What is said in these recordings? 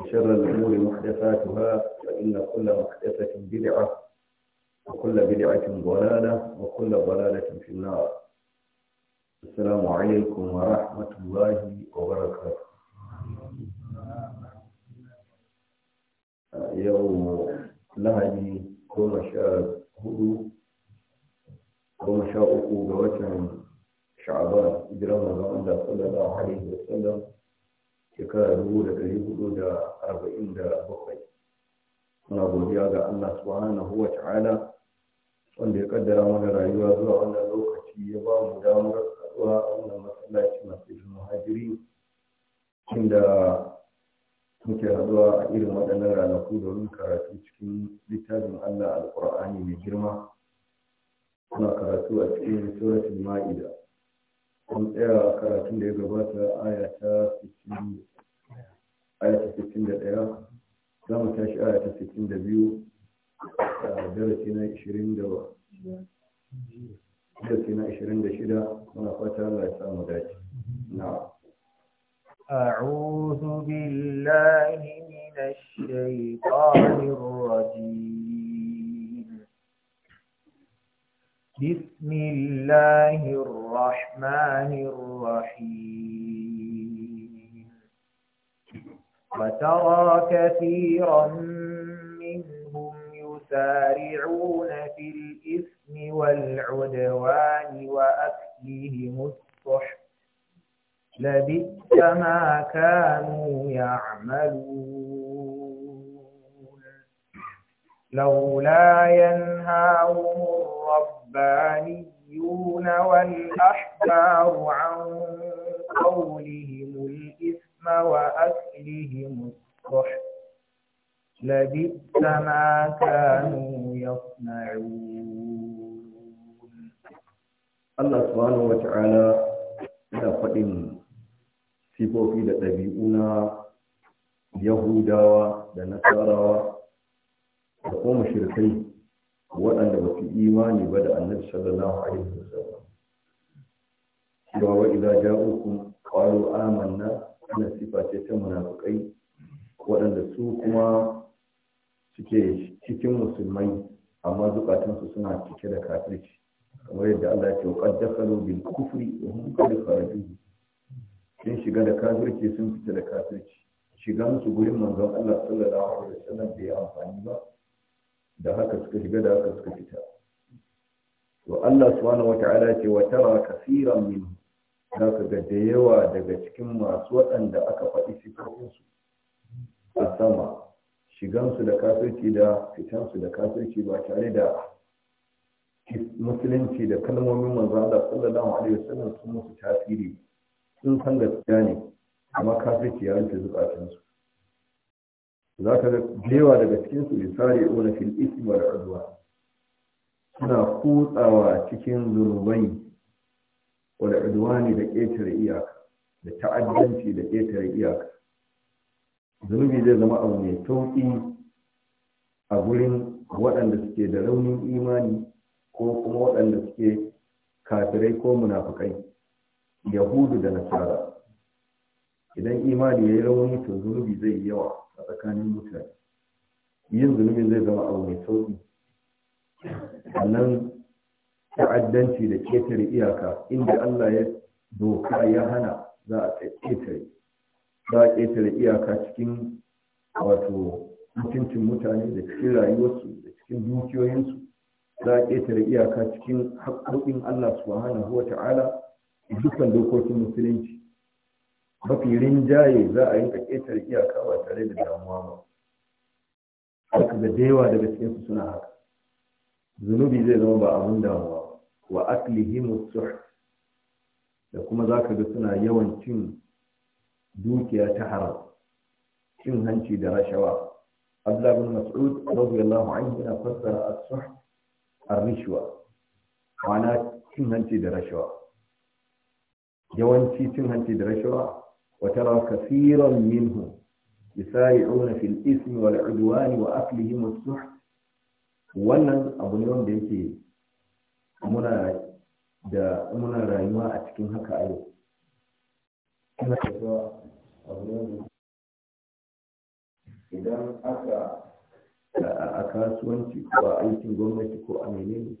وشر الأمور محدثاتها فإن كل محدثة بدعة وكل بدعة ضلالة وكل ضلالة في النار السلام عليكم ورحمة الله وبركاته يوم لهجي كما شاء هدو كما شاء uku شعبان إجرام الله صلى الله عليه وسلم shekara dubu da dari hudu da arba'in da bakwai muna godiya ga Allah subhanahu wa ta'ala wanda ya kaddara mana rayuwa zuwa wannan lokaci ya ba mu damar haɗuwa a wannan masallaci masu muhajiri inda muke haɗuwa a irin waɗannan ranaku domin karatu cikin littafin Allah alƙur'ani mai girma muna karatu a cikin suratul ma'ida Kun tsaya karatun da ya gabata aya ta aya ta 61 za mu tashi aya ta 62 a darasi na 20 darasi na 26 muna fata Allah ya samu dace na أعوذ بالله من الشيطان الرجيم بسم الله الرحمن الرحيم وترى كثيرا منهم يسارعون في الإثم والعدوان وأكلهم السحت لبئس ما كانوا يعملون لولا ينهاهم الربانيون والأحبار عن قولهم الإثم الإثم وأكلهم الصح لبئس ما كانوا يصنعون الله سبحانه وتعالى إذا فإن سيبو في يهودا ونصارى وقوم شركين waɗanda ba su imani ba da annabi sallallahu alaihi wa sallam cewa wa wannan sifa ce ta munafukai waɗanda su kuma suke cikin musulmai amma zukatansu suna cike da kafirci kamar yadda Allah ya ce wa qad dakhalu bil kufri wa hum qad kharaju sun shiga da kafirci sun fita da kafirci shiga musu gurin manzon Allah sallallahu alaihi wasallam bai amfani ba da haka suka shiga da haka suka fita to Allah subhanahu wata'ala ce wa tara kaseeran minhum za ka ga da yawa daga cikin masu waɗanda aka faɗi sifofinsu a sama shigansu da kafirci da fitansu da kafirci ba tare da musulunci da kalmomin manzo Allah sallallahu alaihi wasallam sun musu tasiri sun san gaskiya ne amma kafirci ya rufe zukatansu za ka ga yawa daga cikinsu isari ona fil ismi wal suna kutsawa cikin zunubai wal udwani da ƙetare iyaka da ta'addanci da ƙetare iyaka zunubi zai zama abu mai sauƙi a gurin waɗanda suke da raunin imani ko kuma waɗanda suke kafirai ko munafukai yahudu da nasara idan imani ya yi rauni to zunubi zai yi yawa a tsakanin mutane yin zunubi zai zama abu mai sauƙi sannan ta'addanci da ketare iyaka inda Allah ya doka ya hana za a ketare za a ketare iyaka cikin wato mutuncin mutane da cikin rayuwarsu da cikin dukiyoyinsu za a ketare iyaka cikin haƙoƙin Allah subhanahu wa ta'ala dukkan dokokin musulunci mafi rinjaye za a yi ƙetare iyaka ba tare da damuwa ba haka da yawa daga cikinsu suna haka zunubi zai zama ba abun damuwa wa aklihim suht da kuma za ka ga suna yawan cin dukiya ta haram cin hanci da rashawa Abdullah bin Mas'ud radiyallahu anhu yana fassara as-suht ar-rishwa ma'ana cin hanci da rashawa yawanci cin hanci da rashawa wa tara kaseeran minhum yusari'una fil ismi wal udwan wa aklihim as-suht wannan abu ne wanda yake muna da muna rayuwa a cikin haka a yau ina da cewa abu idan aka a kasuwanci ko a aikin gwamnati ko a menene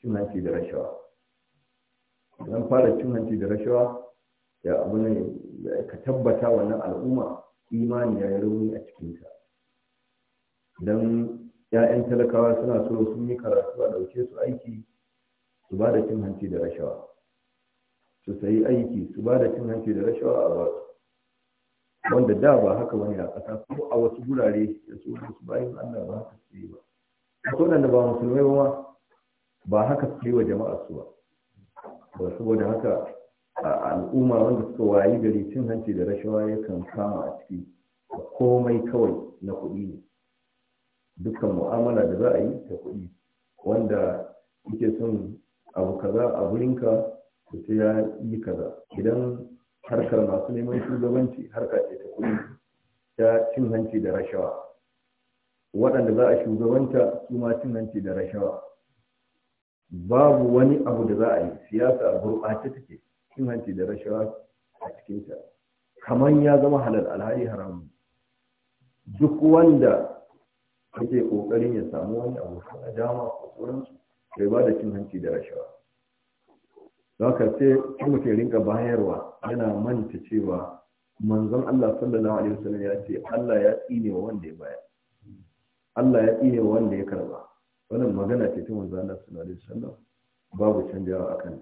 cin hanci da rashawa idan fara cin hanci da rashawa da abu ne ka tabbata wannan al'umma imani ya yi rauni a cikinta idan 'ya'yan talakawa suna so sun yi karatu a ɗauke su aiki su ba da cin hanci da rashawa su sayi aiki su ba da cin hanci da rashawa a ba wanda da ba haka wani a ƙasa ko a wasu gurare da su su bayan Allah ba haka su yi ba akwai wanda ba musulmai ba ba haka su yi wa jama'a su ba ba saboda haka a al'umma wanda suka wayi gari cin hanci da rashawa yakan kama a ciki komai kawai na kuɗi ne dukkan mu'amala da za a yi ta kuɗi wanda yake son abu kaza a wurinka to sai ya yi kaza idan harkar masu neman shugabanci harka ce ta kuɗi ta cin hanci da rashawa waɗanda za a shugabanta su ma cin hanci da rashawa babu wani abu da za a yi siyasa a gurɓace take cin hanci da rashawa a cikinta kamar ya zama halal alhari haramu duk wanda kake ƙoƙarin ya samu wani abu a dama ko sauransu kai ba da cin hanci da rashawa don haka sai kuma ke rinka bayarwa yana manta cewa manzon Allah sallallahu alaihi wasallam ya ce Allah ya tsine wa wanda ya bayar Allah ya tsine wa wanda ya karba wannan magana ce ta manzon Allah sallallahu alaihi wasallam babu canjawa a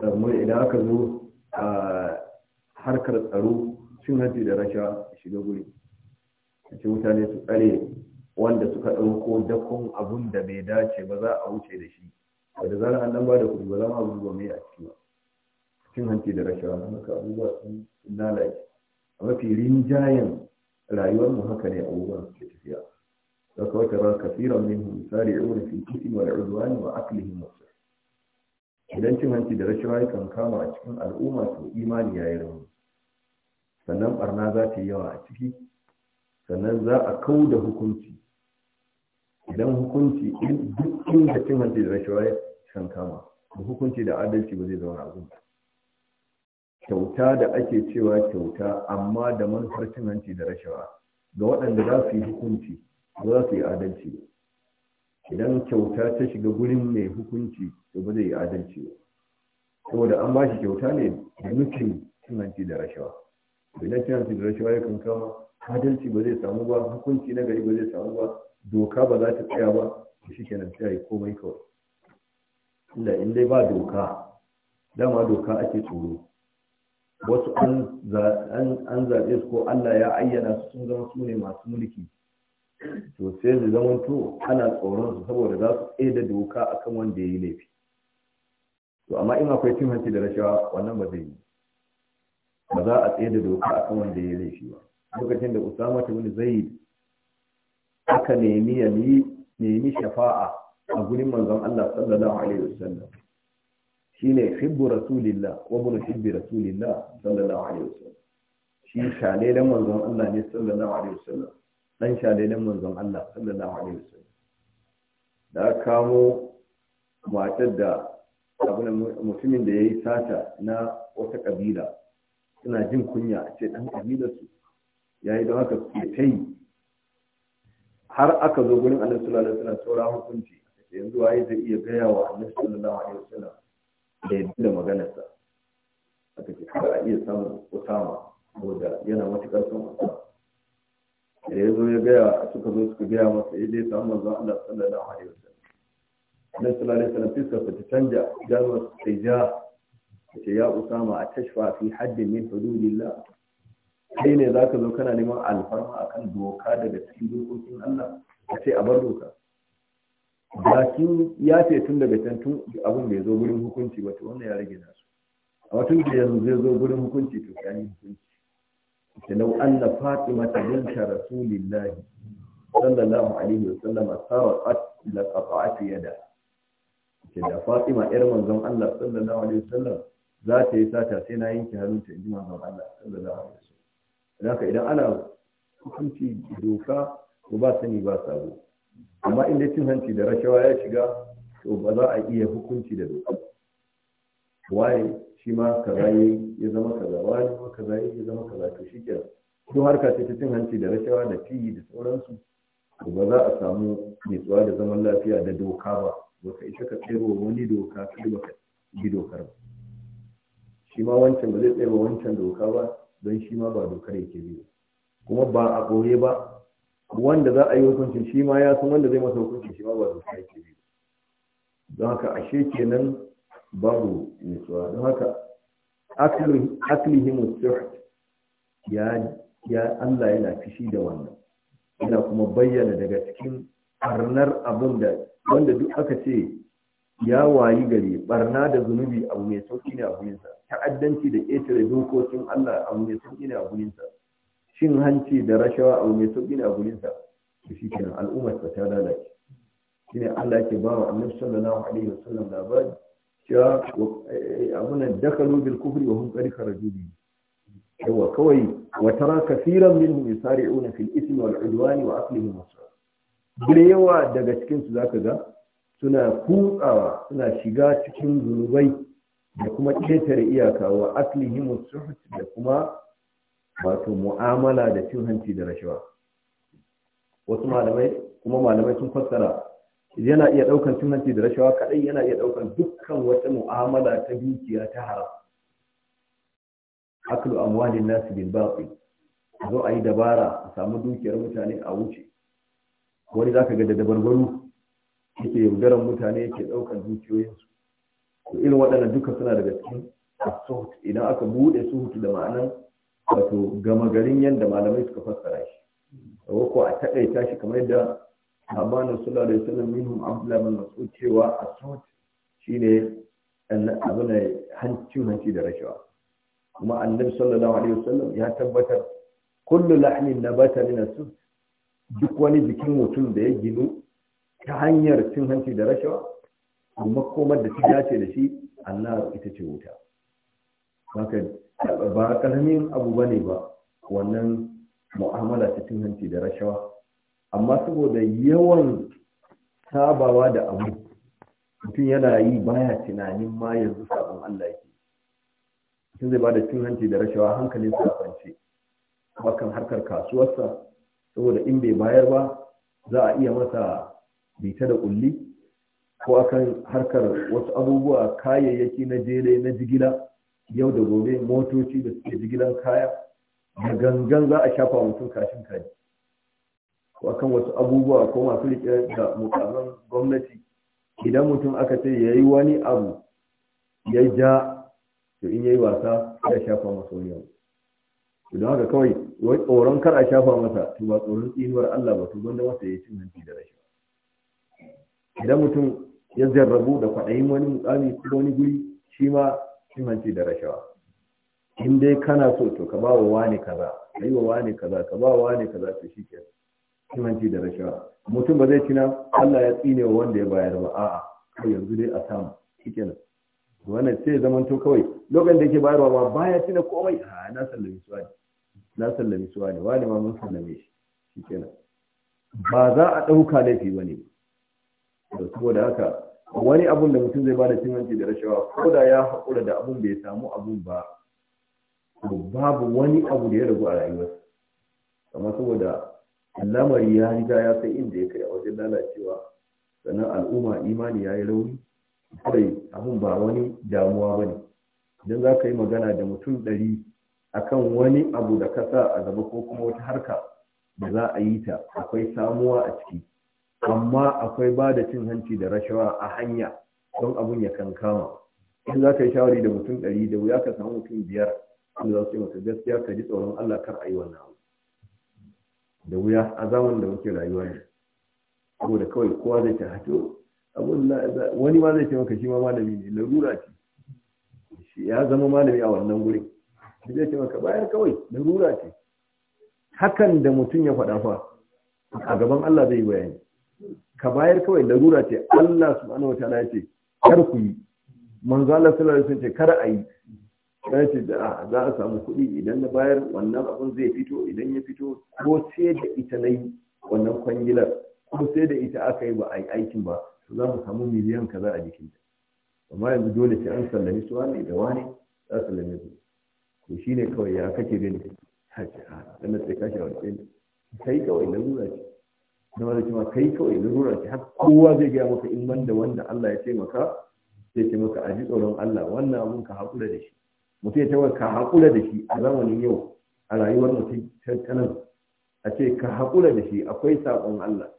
ta amma idan aka zo a harkar tsaro cin hanci da rasha shiga guri a ce mutane su tsare wanda suka ɗauko dakon abun da bai dace ba za a wuce da shi ba da zarar an ba da kuɗi ba za ma abubuwa mai a ciki ba cikin hanci da rashawa don haka abubuwa sun lalace a mafi rinjayen rayuwar mu haka ne abubuwan suke tafiya za ka wata ran kafiran minhum misari'una fi kisi wal udwani wa aklihim wasu idan cin hanci da rashawa kan kama a cikin al'umma to imani ya yi rauni sannan barna za ta yi yawa a ciki sannan za a kau da hukunci idan hukunci duk inda cin hanci da rashawa ya kan kama da hukunci da adalci ba zai zauna a gudu. kyauta da ake cewa kyauta amma da manufar cin hanci da rashawa ga waɗanda za su yi hukunci ba za su yi adalci idan kyauta ta shiga gurin mai hukunci to ba zai yi adalci ba saboda an ba shi kyauta ne da nufin cin hanci da rashawa idan cin hanci da rashawa ya kan kama adalci ba zai samu ba hukunci na gari ba zai samu ba doka ba za ta tsaya ba shi kenan sai komai kawai Inda in dai ba doka dama doka ake tsoro wasu an zaɓe su ko Allah ya ayyana su sun zama su ne masu mulki to sai su zama to ana tsoron su saboda za su tsaye da doka akan wanda ya yi laifi to amma in akwai cin hanci da rashawa wannan ba zai yi ba za a tsaye da doka akan wanda ya yi laifi ba lokacin da usama ta wani zaid aka nemi ya nemi shafa'a a gurin manzon Allah sallallahu alaihi wasallam shine hibbu rasulillah wa bunu hibbi rasulillah sallallahu alaihi wasallam shi shalelen manzon Allah ne sallallahu alaihi wasallam dan shalelen manzon Allah sallallahu alaihi wasallam da kamo matar da abin mutumin da ya yi sata na wata kabila suna jin kunya a ce dan kabilar su yayi don haka suke ta yi har aka zo gurin annabi sallallahu alaihi wasallam saura hukunci yanzu waye zai iya gaya wa annabi sallallahu alaihi wasallam da yadda da maganarsa aka ce har a iya samun usama saboda yana matukar son usama da ya zo ya gaya suka zo suka gaya masa ya dai samu manzon Allah sallallahu alaihi wasallam annabi sallallahu alaihi wasallam fiskar ta canja idanuwar sai ja ce ya usama a tashfa fi haddin min hududillah kai ne za ka zo kana neman alfarma a kan doka daga cikin dokokin Allah a ce a bar doka bakin ya ce tun daga can tun abin bai zo gurin hukunci ba to wannan ya rage nasu a watan da yanzu zai zo gurin hukunci to ya yi hukunci da lau na fatima mata binta rasulillahi sallallahu alaihi wa sallam a la qata'at yada ke da fatima yar manzon Allah sallallahu alaihi wa sallam za ta yi sata sai na yanke hannunta in ji manzon Allah sallallahu alaihi wa sallam haka idan ana hukunci doka ko ba sani ba sabo amma inda cin hanci da rashawa ya shiga to ba za a iya hukunci da doka waye shi ma kaza ya zama kaza waye ma kaza ya zama kaza to shi ke ko harka ce ta cin hanci da rashawa da fiyi da sauransu ba za a samu nutsuwa da zaman lafiya da doka ba baka isa ka tsere wa wani doka kai baka bi dokar shi ma wancan ba zai tsere wa wancan doka ba don shi ma ba dokar yake biyu kuma ba a ɓoye ba wanda za a yi hukuncin shi ma ya san wanda zai masa hukuncin shi ma ba dokar yake biyu don haka ashe kenan babu nutsuwa don haka aklihimu suht ya ya Allah yana fishi da wannan yana kuma bayyana daga cikin arnar abin da wanda duk aka ce ya wayi gari barna da zunubi abu mai sauki ne a gurinsa ta'addanci da ƙetare dokokin Allah abu mai sauki ne a gurinsa Shin hanci da rashawa abu mai sauki ne a gurinsa to shi kenan al'ummar ta lalace shine Allah ke ba wa annabi sallallahu alaihi wasallam labari cewa da dakalu bil kufri wa hum qad kharaju bi yawa kawai wa tara kaseeran minhum yusari'una fil ismi wal udwani wa aqlihim asra yawa daga cikin su zaka ga suna kutsawa suna shiga cikin zunubai da kuma ƙetare iyaka wa aslihimus suhut da kuma wato mu'amala da cin hanci da rashawa wasu malamai kuma malamai sun fassara yana iya ɗaukan cin hanci da rashawa kaɗai yana iya ɗaukan dukkan wata mu'amala ta dukiya ta haram aklu amwalin nasu bil baqi zo a yi dabara a samu dukiyar mutane a wuce wani zaka ga da dabarbaru yake yaudaran mutane ke ɗaukar dukiyoyinsu to irin waɗannan duka suna daga cikin asuhut idan aka buɗe suhut da ma'anan wato gama garin yadda malamai suka fassara shi ko a taƙaita shi kamar yadda sahabanin sallallahu alaihi wasallam minhum abdullahi bin mas'ud cewa asuhut shine abin hanci da rashawa kuma annabi sallallahu alaihi wasallam ya tabbatar kullu lahmin nabata min duk wani jikin mutum da ya ginu ta hanyar cin hanci da rashawa amma komar da ta dace da shi Allah ita ce wuta haka ba karamin abu bane ba wannan mu'amala ta cin hanci da rashawa amma saboda yawan sabawa da abu mutum yana yi baya tunanin ma yanzu sabon Allah yake mutum zai bada cin hanci da rashawa hankalin sa kwance bakan harkar kasuwarsa saboda in bai bayar ba za a iya masa bita da kulli ko akan harkar wasu abubuwa kayayyaki na jele na jigila yau da gobe motoci da suke jigilan kaya da gangan za a shafa mutum kashin kai, ko akan wasu abubuwa ko masu riƙe da mukamman gwamnati idan mutum aka ce ya yi wani abu ya ja to in ya yi wasa ya shafa masa wani abu Idan haka kawai tsoron kar a shafa masa to ba tsoron tsinuwar Allah ba to gwanda masa ya yi cin hanci da rashin idan mutum ya jarrabu da kwaɗayin wani mukami ko wani guri shi ma himanci da rashawa in dai kana so to ka ba wa wani kaza ka yi wa wani kaza ka ba wa wani kaza to shi ke himanci da rashawa mutum ba zai ci na? Allah ya tsine wa wanda ya bayar ba a'a kai yanzu dai a samu nan wannan sai zaman to kawai lokacin da yake bayarwa ma baya na komai a na sallami suwa ne, na sallami suwa ne wani ma mun sallame shi nan ba za a ɗauka laifi ba ne saboda haka wani abun da mutum zai bada cin da rashawa ko da ya haƙura da abun bai samu abun ba babu wani abu da ya ragu a rayuwarsa amma saboda lamari ya riga ya kai inda ya kai a wajen lalacewa sannan al'umma imani ya yi rauni kawai abun ba wani damuwa ba ne idan za ka yi magana da mutum ɗari a kan wani abu da ka sa a gaba ko kuma wata harka da za a yi ta akwai samuwa a ciki amma akwai ba da cin hanci da rashawa a hanya don abun ya kankama in za ka yi shawari da mutum ɗari da wuya ka samu mutum biyar In za su yi mutum gaskiya ka ji tsoron Allah kar a yi wannan abu da wuya a zamanin da muke rayuwa ne saboda kawai kowa zai ta hato abun wani ma zai ce maka shi ma malami ne larura ce ya zama malami a wannan gurin shi zai ce maka bayan kawai larura ce hakan da mutum ya faɗa fa a gaban Allah zai yi bayani ka bayar kawai larura ce Allah subhanahu wa ta'ala ya ce kar ku yi manzo Allah sallallahu alaihi wasallam ce kar a yi ce da ah, za a samu kuɗi idan na bayar wannan abin zai fito idan ya fito ko sai da ita na yi wannan kwangilar ko sai da ita aka yi ba a yi aikin ba za mu samu miliyan kaza a jikin ta amma yanzu dole sai an sallami su wani da wani za su sallame su to shi ne kawai ya kake gani sannan ah, sai kashe wani sai kawai larura ce da mara cewa kai kawai lura ki har kowa zai gaya maka in banda wanda Allah ya taimaka sai ce maka a ji tsoron Allah wannan abun ka haƙura da shi mutum ya ka haƙura da shi a zamanin yau a rayuwar mutum tattalin a ce ka haƙura da shi akwai saƙon Allah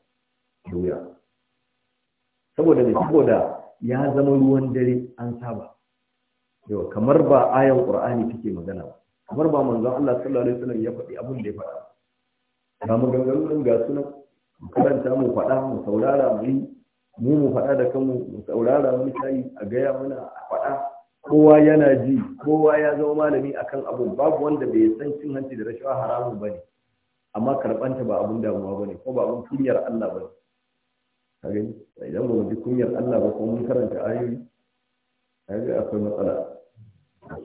doya saboda ne saboda ya zama ruwan dare an saba yau kamar ba ayan qur'ani take magana ba kamar ba manzon Allah sallallahu alaihi wasallam ya faɗi abin da ya faɗa ga maganganun ga sunan mu karanta mu faɗa mu saurara mu yi mu mu faɗa da kanmu mu saurara mu sai a gaya mana a faɗa kowa yana ji kowa ya zama malami akan abu babu wanda bai san cin hanci da rashawa haramun bane amma karbanta ba abun damuwa bane ko ba abun kunyar Allah bane ka gani idan ba mu ji kunyar Allah ba ko mun karanta ayoyi kaga akwai matsala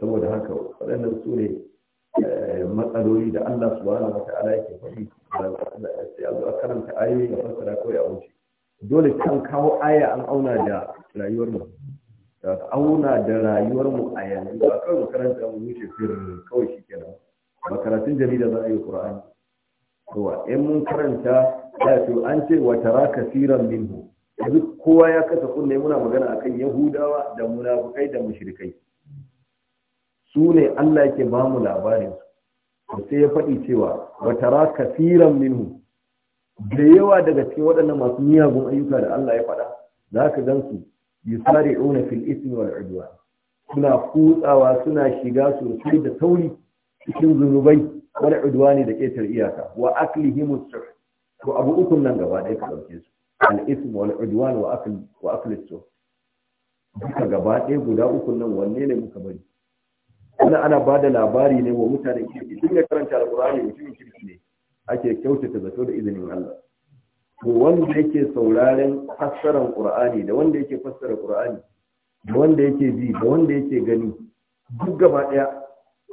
saboda haka waɗannan su matsaloli da Allah subhanahu wa ta'ala yake faɗi sai a zo a karanta ayoyi da fassara kawai a wuce dole kan kawo aya an auna da rayuwar mu auna da rayuwar mu a yanzu ba kawai mu karanta mu wuce fir kawai shikenan ba karatun jarida za a yi qur'ani to in mun karanta ya to an ce wa tara kasiran minhu duk kowa ya kasa kunne muna magana akan yahudawa da munafukai da mushirikai sune Allah yake ba mu labarin su sai ya faɗi cewa wa tara kasiran minhu da yawa daga cikin waɗannan masu miyagun ayyuka da Allah ya faɗa za ka gansu yusari'una fil ismi wal udwan suna kutsawa suna shiga sosai da sauri cikin zunubai wal ne da ƙetar iyaka wa 'akli suh to abu uku nan gaba ɗaya ka ɗauke su ismi wal udwan wa akl wa akl duka gaba ɗaya guda uku nan wanne ne muka bari ana ana ba da labari ne wa mutanen kirki duk ya karanta alkur'ani mutumin kirki ne ake kyautata zato da izinin Allah to wanda yake sauraren fassarar qur'ani da wanda yake fassara qur'ani da wanda yake ji da wanda yake gani duk gaba daya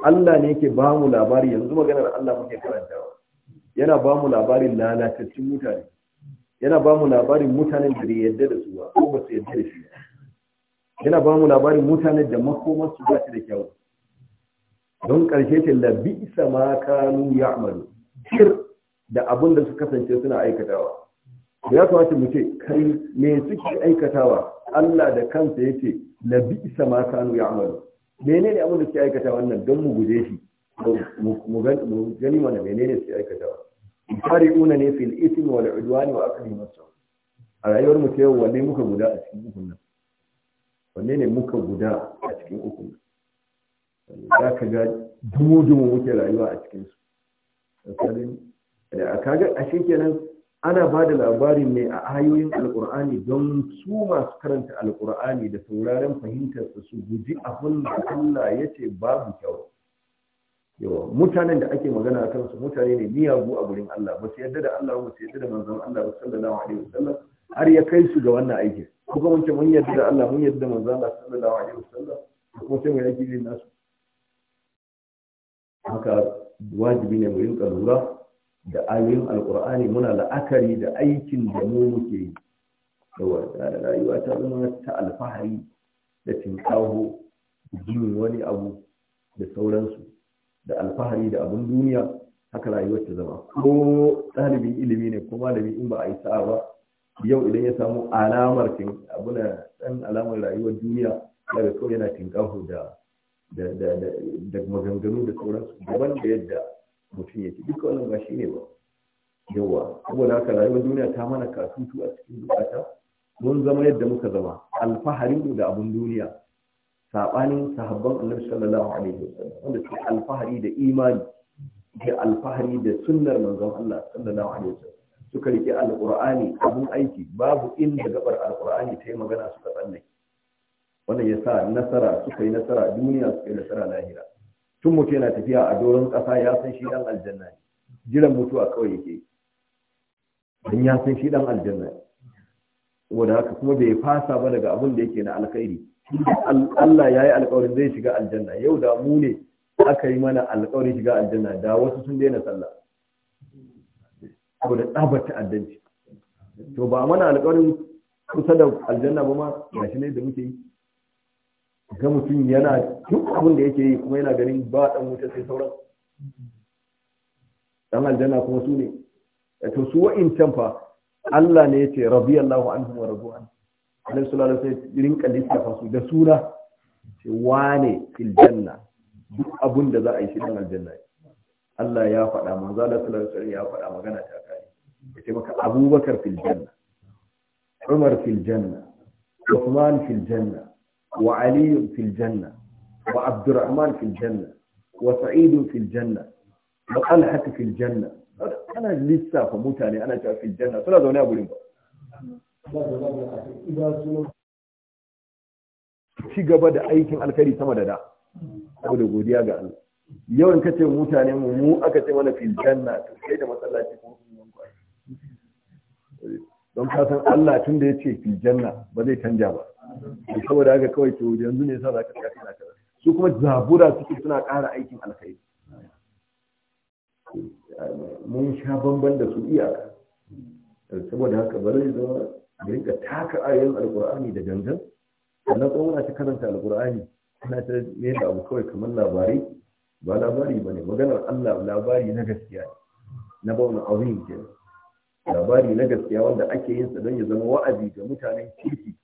Allah ne yake ba mu labari yanzu maganar Allah muke karantawa yana ba mu labarin lalatattun mutane yana ba mu labarin mutanen da yadda da su ba ko ba su yadda da shi yana ba mu labarin mutanen da su ba su da kyau don ƙarshe ce la isa ma kanu amalu shir da abin da su kasance suna aikatawa ya kamata mu ce kai me suke aikatawa Allah da kansa ya ce la isa ma kanu mene menene abin da suke aikata wannan don mu guje shi mu gani mana menene suke aikatawa una ne fil ismi wal ne wa aqdihim masu a rayuwar mu ce wanne muka guda a cikin ukun nan wanne ne muka guda a cikin ukun nan za ka ga dumo-dumo muke rayuwa a cikinsu eh, a kaga a kenan ana ba da labari ne a ayoyin alkur'ani don su masu karanta alkur'ani da sauraren fahimtar su guji abin da allah ya ce babu kyau yawa mutanen da ake magana a kansu mutane ne miyagu a gurin allah ba su yadda da allah ba su yadda da manzon allah ba sallallahu alaihi wasallam har ya kai su ga wannan aikin ko kuma mun yadda da allah mun yadda da manzon allah sallallahu alaihi wasallam ko sai mu yaki nasu haka wajibi ne mu rinka lura da ayoyin alkur'ani muna la'akari da aikin da mu muke yi da rayuwa ta zama ta alfahari da tinkaho jin wani abu da sauransu da alfahari da abun duniya haka rayuwar ta zama ko ɗalibin ilimi ne ko malami in ba a yi sa'a ba yau idan ya samu alamar abuna ɗan alamar rayuwar duniya daga kawai yana tinkaho da da maganganu da sauransu daban da yadda mutum yake duka wannan ba shi ne ba yawa saboda haka rayuwar duniya ta mana kasutu a cikin bukata mun zama yadda muka zama alfaharin da abun duniya sabanin sahabban annabi sallallahu alaihi wasallam wanda suke alfahari da imani da alfahari da sunnar manzon Allah sallallahu alaihi wasallam suka rike alqur'ani abun aiki babu inda gabar alqur'ani ta yi magana suka tsanne. wannan ya sa nasara suka yi nasara a duniya suka yi nasara lahira tun mutu yana tafiya a doron ƙasa ya san shi dan aljanna ne jiran mutuwa kawai yake don ya san shi dan aljanna ne saboda haka kuma bai fasa ba daga abin da yake na alkhairi Allah ya yi alkawarin zai shiga aljanna yau da mu ne aka yi mana alkawarin shiga aljanna da wasu sun daina sallah saboda tsabar ta'addanci to ba mana alkawarin kusa da aljanna ba ma gashi ne da muke yi ga mutum yana duk abin da yake yi kuma yana ganin ba dan wuta sai sauran dan aljanna kuma su ne to su can fa Allah ne ya yace radiyallahu anhu wa radu an Annabi sallallahu alaihi wasallam rinka lissafa su da suna ce wane fil janna duk abin da za a yi shi dan aljanna Allah ya faɗa manzo Allah sallallahu alaihi wasallam ya faɗa magana ta kai yace maka Abubakar fil janna Umar fil janna Uthman fil janna wa aliyun fil janna wa abdurrahman fil janna wa sa'idun fil wa talha fil ana lissafa mutane ana cewa fil suna zaune a gurin ba gaba da aikin alkhairi sama da da saboda godiya ga Allah yawan kace mutane mu mu aka ce mana fil janna to sai da masallaci ko don ka san Allah tun da yace fil janna ba zai canja ba saboda haka kawai to yanzu ne za ka tsaya kana kaza su kuma zabura suke suna ƙara aikin alkai mun sha bamban da su iyaka saboda haka bari zai zama mu rinka taka ayoyin alkur'ani da gangan sannan kuma muna ta karanta alkur'ani ana ta ne da abu kawai kamar labarai ba labari ba ne maganar allah labari na gaskiya na bauna azim ke labari na gaskiya wanda ake yin sa don ya zama wa'azi ga mutanen kirki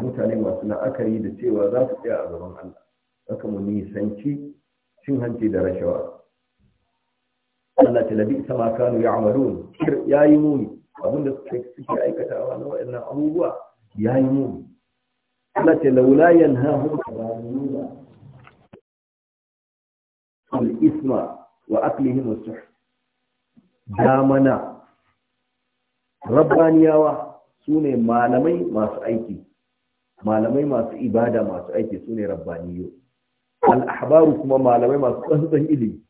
mutane masu la'akari da cewa za su tsaya a gaban Allah haka mu nisanci cin hanci da rashawa Allah ta sama kanu ya amalun ya yi muni abinda suke suke aikatawa na waɗannan abubuwa ya yi muni Allah ta laula yanhahum al-isma wa aklihim as damana rabbaniyawa su malamai masu aiki malamai masu ibada masu aiki su ne rabbaniyo al'ahbaru kuma malamai masu tsantsan ilimi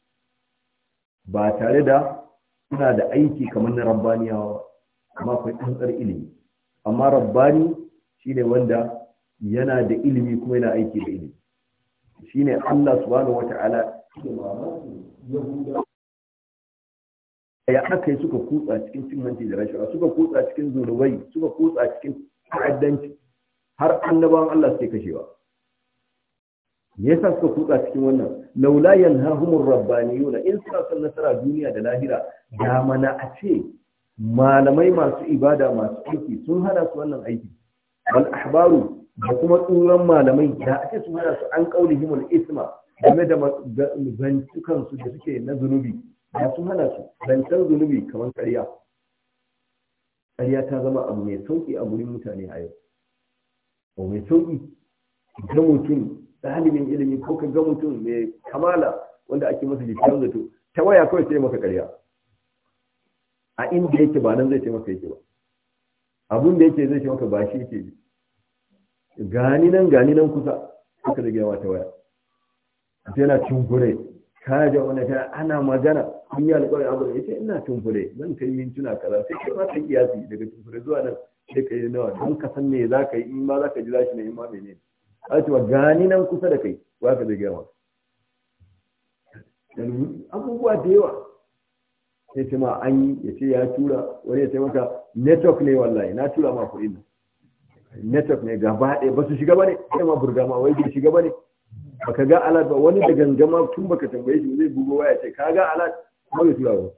ba tare da suna da aiki kamar na rabbaniyawa amma akwai tsantsar ilimi amma rabbani shine wanda yana da ilimi kuma yana aiki da ilimi Shi ne Allah subhanahu Ta'ala. ya aka yi suka kutsa cikin cin hanci da rashawa suka kutsa cikin zunubai suka kutsa cikin ta'addanci har annabawan Allah suke kashewa me yasa suka kutsa cikin wannan laula yanhahumur rabbaniyuna in suna son nasara duniya da lahira da mana a ce malamai masu ibada masu aiki sun hana su wannan aiki wal ahbaru da kuma tsuran malamai da a ce sun su an himul isma game da zantukan su da suke na zunubi da sun hada su zancen zunubi kamar ƙarya ƙarya ta zama abu mai sauki a gurin mutane a yau ko mai sauƙi ga mutum ɗalibin ilimi ko ka ga mutum mai kamala wanda ake masa jikin zato ta waya kawai sai maka ƙarya a inda yake ba nan zai ce maka yake ba abun da yake zai ce maka ba shi yake gani nan gani nan kusa suka da yawa ta waya Sai yana cungure ka ji wani ta ana magana kun yi alƙawarin abu da yake ina cungure zan kai mintuna kaza sai kai ma ta iyasi daga cungure zuwa nan sai ka yi nawa don ka san me za ka yi in ma za ka ji zashi ne in ma mene a cewa gani nan kusa da kai wa ka zai gaya abubuwa da yawa sai ce ma an yi ya ce ya tura wani ya ce maka network ne wallahi na tura ma kuɗi ne network ne gaba ɗaya ba su shiga ba ne sai ma burga wai bai shiga ba ne baka ga alat ba wani da gangama tun baka tambaye shi zai bugo waya ce ka ga alat kuma bai tura ba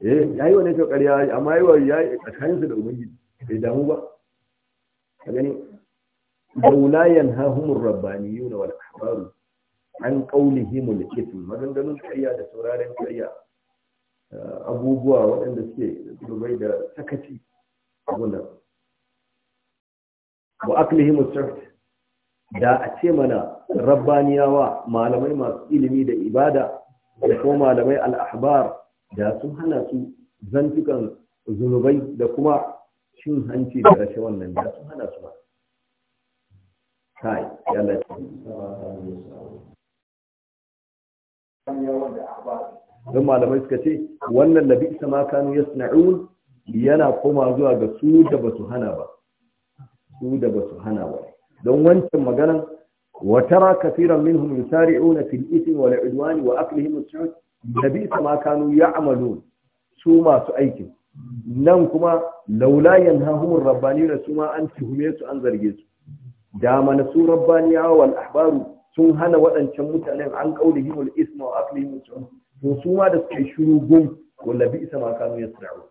yi eh, yayi wannan ya yi amma yayi yayi tsakaninsa da ubangiji bai damu ba a gani laula rabbani yi wani ahbaru an ke ithm maganganun ƙarya da sauraren ƙarya eh, abubuwa waɗanda suke dubai da sakaci wannan wa aklihimus sabt da a ce mana rabbaniyawa malamai masu ilimi da ibada da kuma malamai al'ahbar da sun hana su zantukan zunubai da kuma cin hanci da rashe wannan da sun hana su ba kai ya lati don malamai suka ce wannan labi isa ma kanu yasna'un yana koma zuwa ga su da ba su hana ba su da ba su hana ba don wancan maganan وترى كثيرا منهم يسارعون في الإثم والعدوان وأكلهم السعود da bi makanu ya amalu su masu aikin nan kuma laula rabbani da su ma an tuhume su an zarge su da mana su rabbaniyawa wal ahbaru sun hana waɗancan mutanen an qaulihim himul isma wa mutum to su ma da suke shiru gum wala bi makanu ya tsara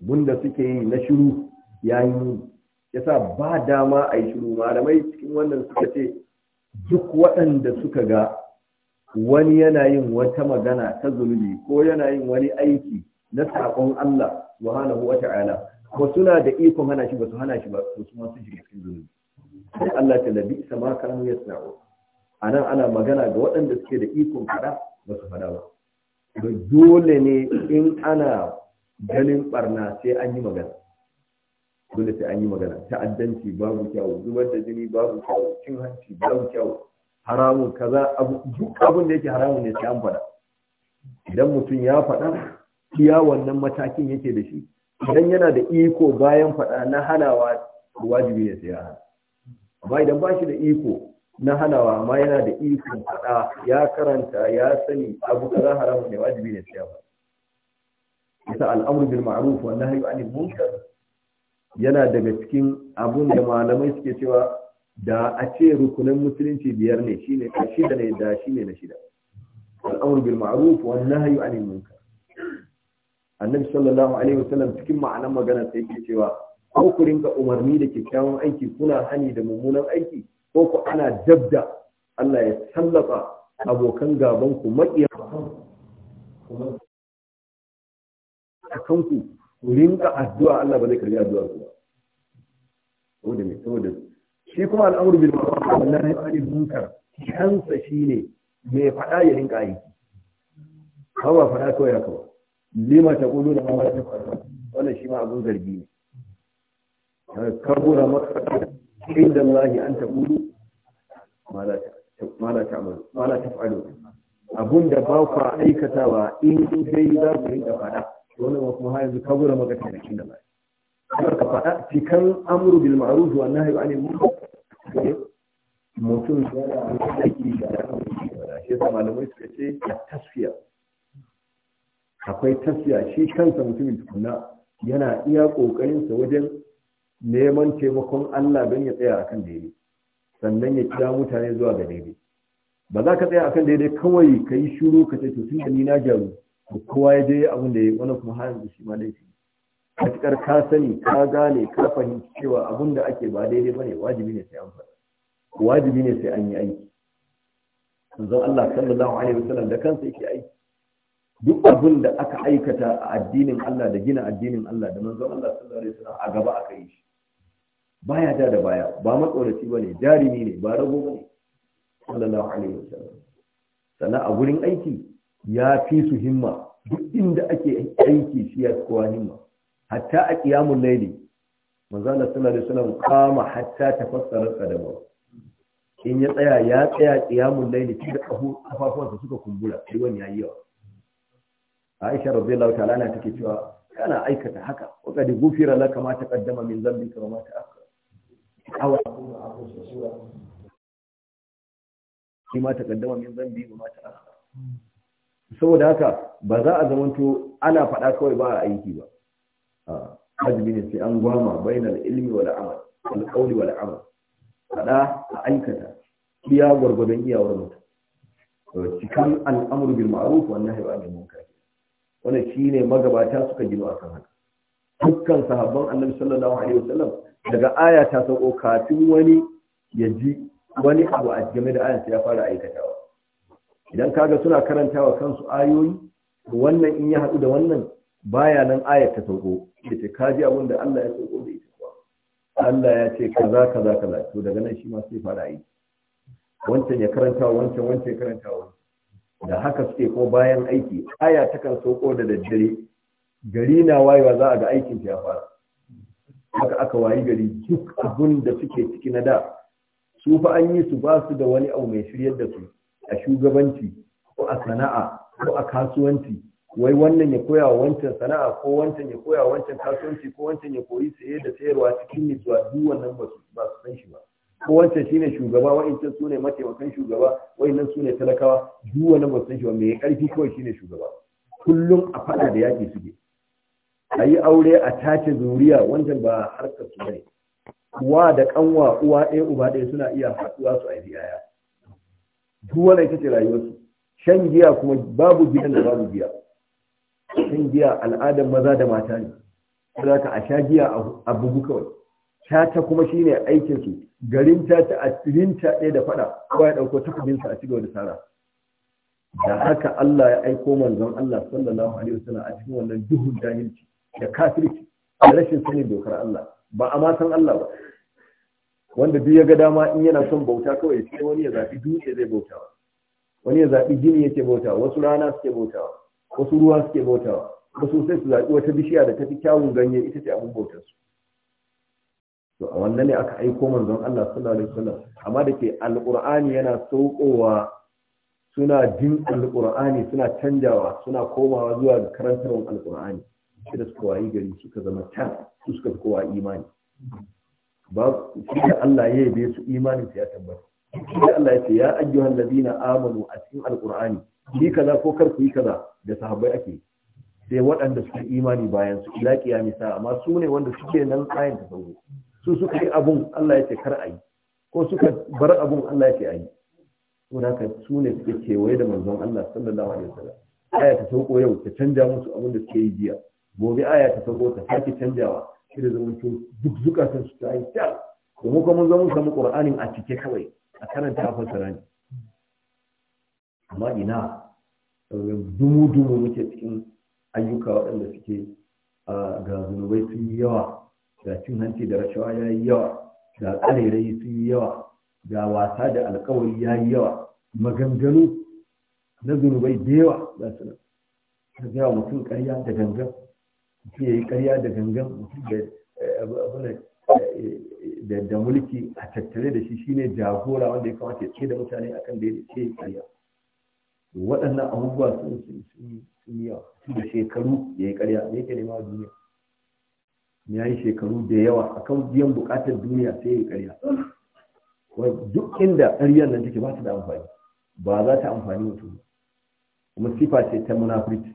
mun da suke yi na shiru yayi yasa ba dama a yi shiru malamai cikin wannan suka ce duk waɗanda suka ga wani yana yin wata magana ta zunubi ko yana yin wani aiki na saƙon Allah subhanahu wa ta'ala ko suna da ikon hana shi ba su hana shi ba su to su masu shiga cikin zunubi sai Allah ta labi isa ma kanu ya yasna'u anan ana magana ga waɗanda suke da ikon fada ba su fada ba dole ne in ana ganin barna sai an yi magana dole sai an yi magana ta'addanci babu kyawu zubar da jini babu kyawu cin hanci babu kyawu haramun kaza duk abin da yake haramun ne sai an faɗa idan mutum ya faɗa iya wannan matakin yake da shi idan yana da iko bayan faɗa na hanawa wajibi ne sai ya hana amma idan ba shi da iko na hanawa amma yana da iko faɗa ya karanta ya sani abu kaza haramun ne wajibi ne sai ya faɗa isa al'amru bil ma'ruf wa nahyu anil munkar yana daga cikin abun da malamai suke cewa da a ce rukunan musulunci biyar ne shi ne a shida ne da shi ne na shida al'amur bil ma'ruf wa nahyu anil munkar annabi sallallahu alaihi wasallam cikin ma'anar magana sai yake cewa ko ku rinka umarni da kyakkyawan aiki kuna hani da mummunan aiki ko ku ana dabda Allah ya sallafa abokan gaban ku maƙiya kuma kanku ku rinka addu'a Allah ba zai karbi addu'a ku ba saboda me saboda shi kuma al'amru bil ma'ruf wa nahyi anil munkar kansa shine mai fada ya rinka aiki hawa fada kawai haka lima da ma ta tafaluna wannan shi ma abun zargi ne kabura maka inda Allah an ta kullu la ma la ta ma la abun da ba ku aikatawa in dai za ku rinka fada wannan kuma har yanzu kabura maka tana da Allah ka faɗa cikan amru bil ma'ruf wa nahyi anil munkar mutum yana aiki da yana shi malamai suka ce a tasfiya akwai tasfiya shi kansa mutumin tukuna yana iya ƙoƙarinsa wajen neman taimakon Allah don ya tsaya akan daidai sannan ya kira mutane zuwa ga daidai ba za ka tsaya akan daidai kawai ka yi shuru ka ce to tun da ni na gyaru kowa ya je abin da ya yi wannan kuma har da shi ma laifi matukar ka sani ka gane ka fahimci cewa abin da ake ba daidai bane wajibi ne sai an faɗa. wajibi ne sai an yi aiki manzon Allah sallallahu alaihi wasallam da kansa yake aiki duk abin da aka aikata a addinin Allah da gina addinin Allah da manzon Allah sallallahu alaihi wasallam a gaba aka yi shi baya da da baya ba matsoraci bane jarimi ne ba rago bane sallallahu alaihi wasallam sannan a gurin aiki ya fi su himma duk inda ake aiki shi ya kowa himma hatta a ƙiyamun laili manzo suna da suna kama hatta ta fassara kadama. in ya tsaya ya tsaya qiyamul layli da kafafuwansa suka kumbura sai wani yi yawa Aisha Allah ta lana take cewa kana aikata haka wa da gufira laka ma kaddama min zambi wa ma aka awa shi ma kaddama min zambi wa ma aka saboda haka ba za a zamanto ana faɗa kawai ba a aiki ba wajibi ah, ne sai an gwama bainal ilmi wa amal wal wa wal Kada a aikata iya gwargwadon iyawar mutum cikin al'amuru bil ma'ruf wa nahyi anil munkar shi shine magabata suka gino akan haka dukkan sahabban annabi sallallahu alaihi wasallam daga aya ta sauko kafin wani ya ji wani abu a game da ayan ya fara aikatawa idan kaga suna karantawa kansu ayoyi wannan in ya haɗu da wannan baya nan ayat ta sauko da ka ji abin da Allah ya sauko da ita Allah ya ce kaza kaza kaza to daga nan shi ma sai fara aiki wancan ya karanta wancan wancan ya karanta wancan da haka suke ko bayan aiki aya ta kan sauko da daddare gari na wayewa za a ga aikin ya fara haka aka wayi gari duk abun da suke ciki na da su fa an yi su ba su da wani abu mai shiryar da su a shugabanci ko a sana'a ko a kasuwanci wai wannan ya koya wa wancan sana'a ko wancan ya koya wa wancan kasuwanci ko wancan ya koyi saye da sayarwa cikin nutsuwa duk wannan ba su san shi ba ko wancan shine shugaba wa'ancan su ne mataimakan shugaba wa'annan su ne talakawa duk wannan ba su san shi ba mai karfi kawai shine shugaba kullum a fada da yaƙi suke a yi aure a tace zuriya wancan ba harkar su ne wa da kanwa uwa ɗaya uba ɗaya suna iya haɗuwa su a yaya duk wannan ita ce rayuwarsu shan giya kuma babu gidan da babu giya shan giya al'adar maza da mata ne za ka a sha giya a bugu kawai ta kuma shine aikin su garin ta ta a cikin ɗaya da faɗa. Kuma ya ɗauko takobin sa a cigaba da sara da haka Allah ya aiko manzon Allah sallallahu alaihi wasallam a cikin wannan duhun jahilci da kafirci da rashin sanin dokar Allah ba a ma san Allah ba wanda duk ya ga dama in yana son bauta kawai sai wani ya zaɓi dutse zai bautawa wani ya zaɓi gini yake bautawa wasu rana suke bautawa wasu ruwa suke bautawa wasu sai su zaɓi wata bishiya da ta fi kyawun ganye ita ce abin bautarsu su to a wannan ne aka aiko manzon Allah sallallahu alaihi wasallam amma da ke alqur'ani yana saukowa suna jin alqur'ani suna canjawa suna komawa zuwa ga karantarwar alqur'ani shi da suka wayi gari suka zama can su suka fi kowa imani ba shi da Allah ya yabe su imanin sai ya tabbata shi Allah ya ce ya ayyuhal ladina amanu a cikin alqur'ani yi kaza ko kar ku yi kaza da sahabbai ake sai waɗanda suke imani bayan su ila kiyami sa amma su ne wanda suke nan tsayin ta sauro su suka yi abun Allah ya ce kar a yi ko suka bar abun Allah ya ce a yi saboda su ne suke kewaye da manzon Allah sallallahu alaihi wasallam aya ta sauko yau ta canja musu abin da suke yi jiya gobe aya ta sauko ta sake canjawa shi da zamancin duk zukatan su ta yi ta Kuma kuma mun zo mun samu Qur'anin a cike kawai a karanta a fassara ne amma ina dumu-dumu muke cikin ayyuka waɗanda suke ga zunubai sun yi yawa ga cin hanci da rashawa ya yi yawa ga ƙarerai sun yi yawa ga wasa da alkawari ya yi yawa maganganu na zunubai da yawa za su nan ta wa mutum ƙarya da gangan mutum ya yi ƙarya da gangan mutum eh, eh, da da mulki a tattare da shi shine jagora wanda ya kamata ya ce da mutane akan da ya ce ƙarya waɗannan abubuwa sun yi yawa da shekaru da ya karya da yake nema duniya ya yi shekaru da yawa akan biyan buƙatar duniya sai ya karya duk inda ƙaryar nan take ba ta da amfani ba za ta amfani mutum kuma sifa ce ta munafurci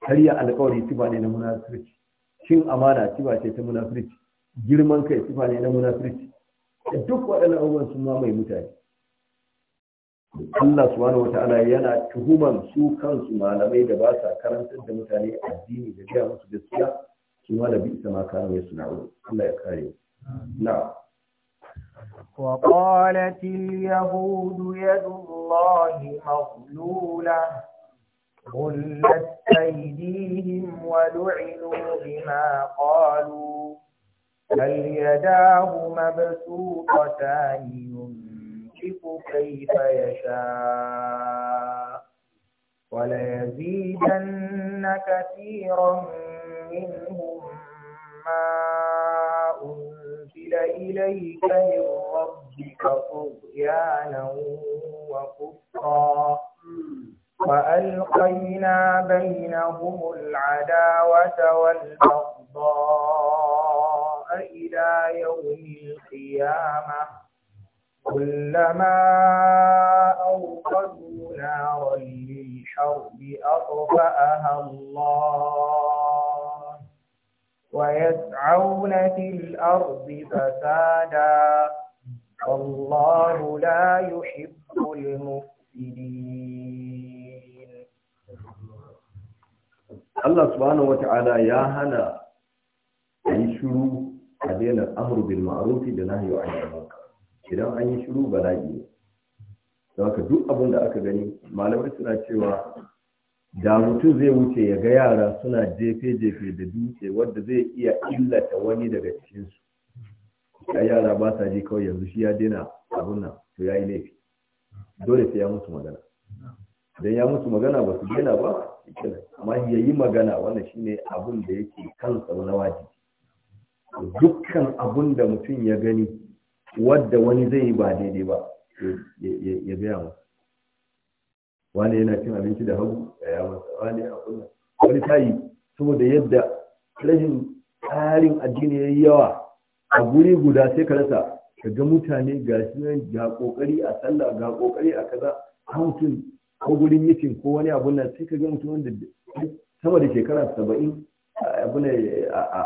ƙarya alƙawari sifa ne na munafurci cin amana sifa ce ta munafurci girman kai sifa ne na munafurci duk waɗannan abubuwan sun mamaye mutane Allah subhanahu wata'ala yana tuhuman su kansu malamai da ba sa karantar da mutane addini da gaya musu gaskiya su ma da bi isa ma kare wuri Allah ya kare na وقالت اليهود يد الله مغلولة غلت أيديهم ولعنوا بما قالوا بل يداه مبسوطتان ينشق كيف يشاء وليزيدن كثيرا منهم ما أنزل إليك من ربك طغيانا وكفرا وألقينا بينهم العداوة والبغضاء إلى يوم القيامة كلما أوقدوا نارا للحرب أطفأها الله ويسعون في الأرض فسادا والله لا يحب المفسدين الله سبحانه وتعالى يا هنا يشرو علينا الأمر بالمعروف بنهي عن المنكر idan an yi shiru bala'i ne don haka duk abin da aka gani malamai suna cewa da mutum zai wuce ya ga yara suna jefe-jefe da dutse wadda zai iya illata wani daga cikinsu ya yara ba sa ji kawai yanzu shi ya daina abin nan to ya yi laifi dole sai ya mutu magana idan ya mutu magana ba su daina ba amma ya yi magana wannan shine abin da yake kansa na wajibi dukkan abin da mutum ya gani wadda wani zai yi ba daidai ba ya gaya wa? wani yana cin abinci da hagu ya yi masa wani a kunna wani tayi saboda yadda rashin tsarin addini ya yi yawa a guri guda sai ka rasa ka ga mutane ga shi nan ga kokari a sallah ga kokari a kaza a mutum ko gurin mitin ko wani abun nan sai ka ga mutum wanda sama da shekara saba'in abin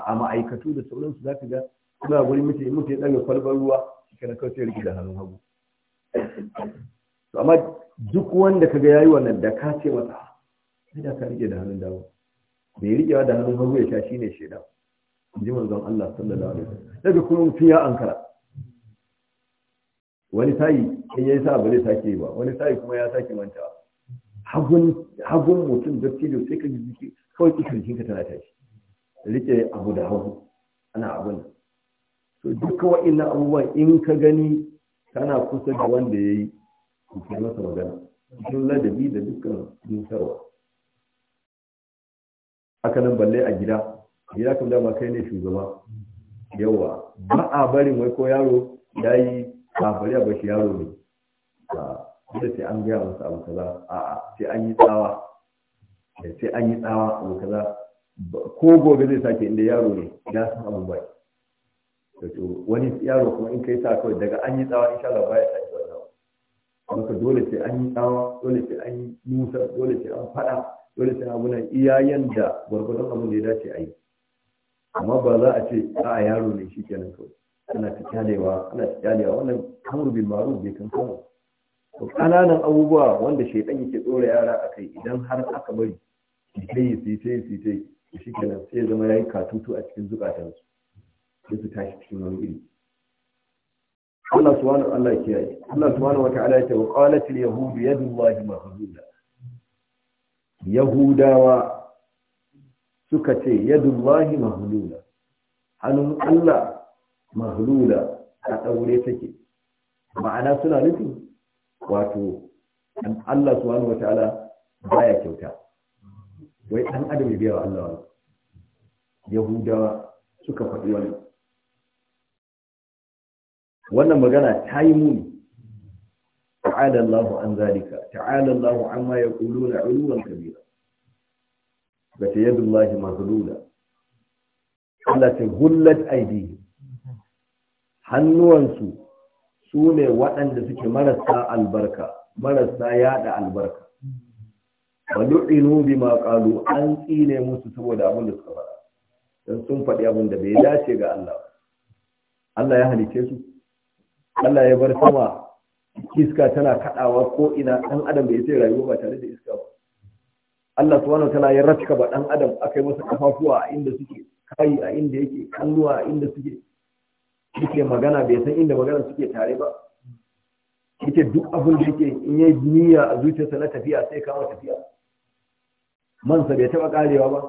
a ma'aikatu da sauransu za ka ga suna gurin mutum mutum ya ɗaga kwalbar ruwa kana kawai sai rike da hannun hagu to amma duk wanda kaga yayi wannan da ka ce masa sai ah, da ka rike da hannun dawo bai rike da hannun hagu ya sha shine sheda ji manzon Allah sallallahu alaihi wasallam daga kuma mutum ya ankara wani sa'i in yayi sa ba zai sake ba wani sa'i kuma ya sake mantawa hagun hagun mutum da tijo sai ka ji kawai kirjinka tana tashi rike abu da hagu ana abun to duk wa'annan abubuwan in ka gani kana kusa da wanda ya yi kuke masa magana cikin ladabi da dukkan nusarwa haka nan balle a gida gida kan dama kai ne shugaba yawa ba a barin wai ko yaro ya yi bari a bashi yaro ne ba da sai an gaya masa abu kaza a'a sai an yi tsawa sai an yi tsawa abu kaza ko gobe zai sake inda yaro ne ya san abu bai to wani yaro kuma in kai sa kawai daga an yi tsawa insha Allah baya tashi wannan kuma dole sai an yi tsawa dole sai an yi musa dole sai an fada dole sai abu nan iya yanda gwargwadon abin da ya dace a yi amma ba za a ce a yaro ne shi kenan kawai ana ta kyalewa ana ta kyalewa wannan kamar bin maru bai kan kama to kananan abubuwa wanda shaidan yake tsora yara a kai idan har aka bari su yi su yi su yi su yi shi kenan sai zama ya yi katutu a cikin zukatansu sai su tashi cikin wani iri Allah subhanahu ya kiyaye Allah subhanahu wa ta'ala ya ce wa qalat al yahud yadullahi mahzula yahudawa suka ce yadullahi mahzula hannun Allah mahzula a daure take ma'ana suna nufin wato Allah subhanahu wa ta'ala baya kyauta wai dan adam ya biya wa Allah yahudawa suka faɗi wani. wannan magana ta yi muni ta'ala Allahu an zalika ta'ala Allahu amma yaquluna 'uluwan kabira ga ta yadu Allah mazlula Allah ta hullat aidi hannuwansu su ne waɗanda suke marasa albarka marasa yada albarka wadu'inu ma qalu an tsine musu saboda abin da suka faɗa dan sun faɗi abin da bai dace ga Allah Allah ya halice su Allah ya bar sama iska tana kadawa ko ina dan adam bai sai rayuwa ba tare da iska ba Allah subhanahu wataala ya rafka ba dan adam akai masa kafafuwa a inda suke kai a inda yake kalluwa a inda suke suke magana bai san inda magana suke tare ba yake duk abin da yake in yi niyya a zuciyarsa na tafiya sai kama tafiya mansa bai taba karewa ba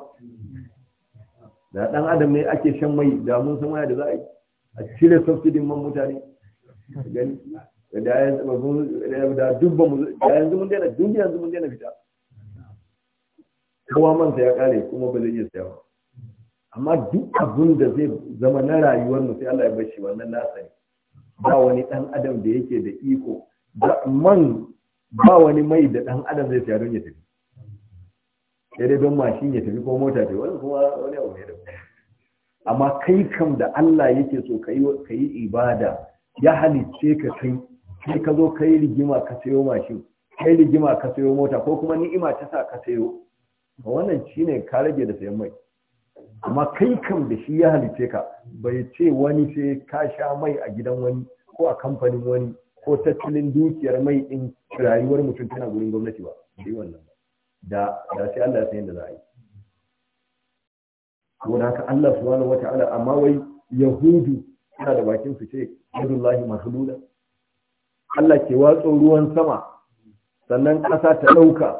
da dan adam ne ake shan mai da mun san waya da za a yi a cire subsidin man mutane gani da yanzu mun daina duk yanzu mun daina fita kowa mansa ya kare kuma ba zai iya saya amma duk abin da zai zama na rayuwar mu sai Allah ya bar shi wannan nasa ne ba wani dan adam da yake da iko da man ba wani mai da dan adam zai saya don ya tafi sai dai don mashin ya tafi ko mota ce wani kuma wani abu ne da amma kai kam da Allah yake so kai kai ibada ya halicce ka kai sai ka zo kai rigima ka sayo mashin kai rigima ka sayo mota ko kuma ni'ima ta sa ka sayo wannan shine ka rage da sayan mai amma kai kam da shi ya halice ka bai ce wani sai ka sha mai a gidan wani ko a kamfanin wani ko tattalin dukiyar mai in rayuwar mutum tana gurin gwamnati ba sai wannan da da sai Allah ya san yadda za a yi da haka Allah subhanahu wataala amma wai yahudu suna da bakin su ce yadullahi mahlula Allah ke watsa ruwan sama sannan ƙasa ta ɗauka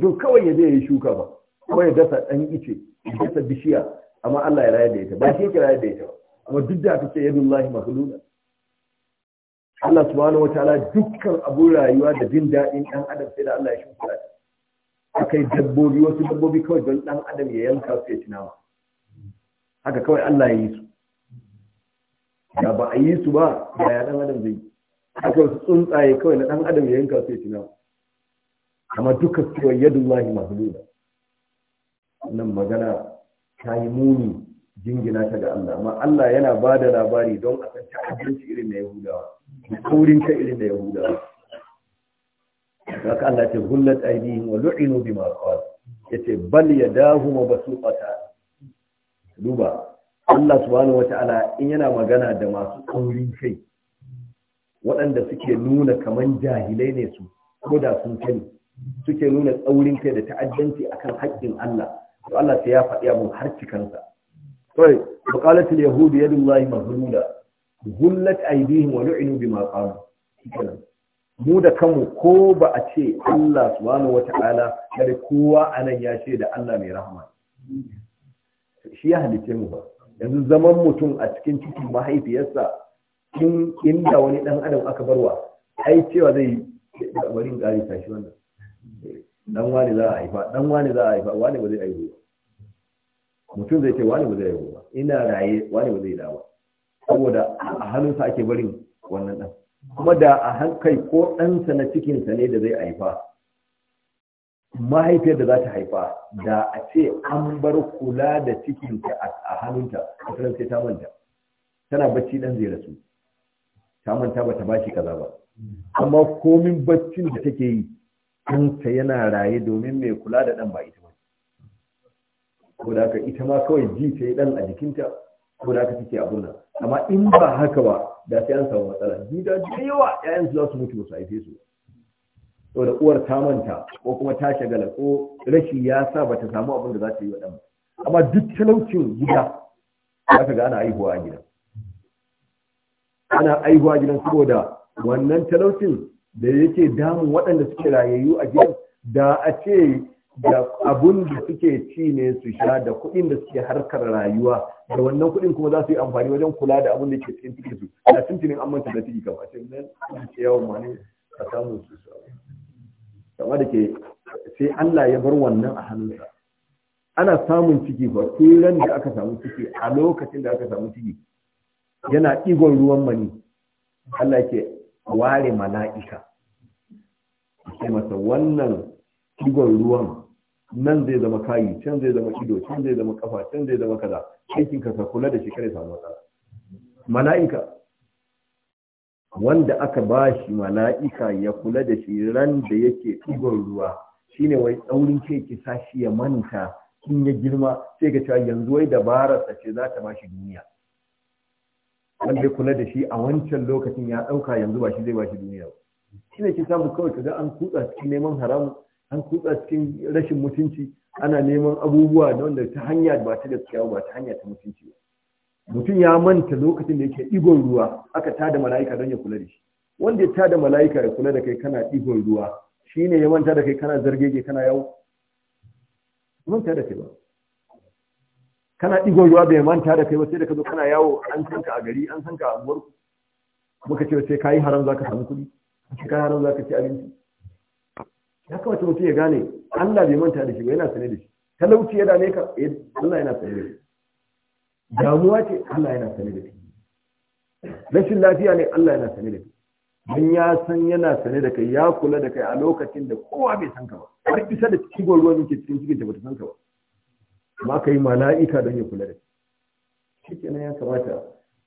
duk kawai ya je ya yi shuka ba Kuma ya dasa ɗan ice ya dasa bishiya amma Allah ya rayar da ita ba shi yake rayar da ita ba amma duk da aka ce yadullahi mahlula Allah subhanahu wataala dukkan abu rayuwa da jin daɗin ɗan adam sai da Allah ya shuka ta akai dabbobi wasu dabbobi kawai don ɗan adam ya yanka su ya ci nama haka kawai Allah ya yi su da ba a yi su ba da ya dan adam zai aka wasu tsuntsaye kawai na ɗan adam ya yanka su ya ci amma duka cewa yadda lahi masu lula nan magana ta yi muni jingina ta ga Allah amma Allah yana ba da labari don a san abinci irin na Yahudawa kaurin ka irin na Yahudawa haka Allah ce hullat aidihim wa lu'inu bima qalu yace bal yadahu mabsuqata duba Allah subhanahu ta'ala in yana magana da masu kaurin kai waɗanda suke nuna kaman jahilai ne su ko da sun kai, suke nuna tsaurin kai da ta'addanci akan haƙƙin Allah to Allah sai ya faɗi abun har cikansa kawai buƙalat al-yahud yadullahi mahluda gullat aydihim wa lu'inu bima qalu mu da kanmu ko ba a ce Allah subhanahu ta'ala kare kowa anan ya ce da Allah mai rahama shi ya halice mu ba yanzu zaman mutum a cikin cikin mahaifiyarsa in inda wani dan adam aka barwa ai cewa zai bari gari kare tashi wannan dan wani za a haifa dan wani za a haifa wani ba zai aiwo ba mutum zai ce wani ba zai aiwo ba ina raye wani ba zai dawo saboda a hannunsa ake barin wannan dan kuma da a hankali ko ɗansa na cikinsa ne da zai haifa mahaifiyar da za ta haifa da a ce an bar kula da cikinta a hannunta a sai ta manta tana bacci dan zai rasu ta manta ba ta bashi kaza ba amma komin baccin da take yi ta yana raye domin mai kula da ɗan ba ita ba ko da haka ita ma kawai ji ta yi ɗan a jikinta ko da haka take abun nan amma in ba haka ba da sai an samu matsala ji da yawa 'ya'yansu za su mutu ba su haife su ba to da uwar ta manta ko kuma ta shagala ko rashi ya sa bata samu abin da za ta yi wa ɗan amma duk talaucin gida za ka ga ana aihuwa a gidan ana aihuwa a gidan saboda wannan talaucin da yake damun waɗanda suke rayayyu a gidan da a ce da abun da suke ci ne su sha da kuɗin da suke harkar rayuwa da wannan kuɗin kuma za su yi amfani wajen kula da abun da ke cikin cikin su da tuntunin an manta da ciki kamar ce nan yawon mani a samun su kama da ke sai Allah ya bar wannan a hannunsa ana samun ciki ba turan da aka samu ciki a lokacin da aka samu ciki yana igon ruwan mani Allah ke ware mala'ika ke masa wannan igon ruwan nan zai zama kayi can zai zama ido can zai zama kafa can zai zama kaza aikin ka kula da shi kare samu matsala mala'ika wanda aka ba shi mala'ika ya kula da shi ran da yake ɗigon ruwa shine wai tsaurin keke sashi ya manta in ya girma sai ga cewa yanzu wai dabararsa ce za ta ba shi duniya wanda ya kula da shi a wancan lokacin ya ɗauka yanzu ba shi zai ba shi duniya ba shi ne ke samu kawai ga an kutsa cikin neman haram an kutsa cikin rashin mutunci ana neman abubuwa da wanda ta hanya ba ta da ba ta hanya ta mutunci ba mutum ya manta lokacin da yake ɗigon ruwa aka tada mala'ika don ya kula da shi wanda ya tada mala'ika ya kula da kai kana ɗigon ruwa shi ne ya manta da kai kana zargege kana yawo manta da kai ba kana ɗigon ruwa bai manta da kai ba sai da ka zo kana yawo an san ka a gari an san ka a anguwar muka ce sai kayi haram zaka samu kuɗi sai kayi haram zaka ci abinci ya kamata mutum ya gane Allah bai manta da shi ba yana sane da shi talauci yana ne ka eh, Allah yana sane da shi damuwa ce Allah yana sane da kai rashin lafiya ne Allah yana sane da kai don ya san yana sane da kai ya kula da kai a lokacin da kowa bai san ka ba har isa da cikin ruwan yake cikin cikin ta bata san ka ba amma ka yi mala'ika don ya kula da kai shi ya kamata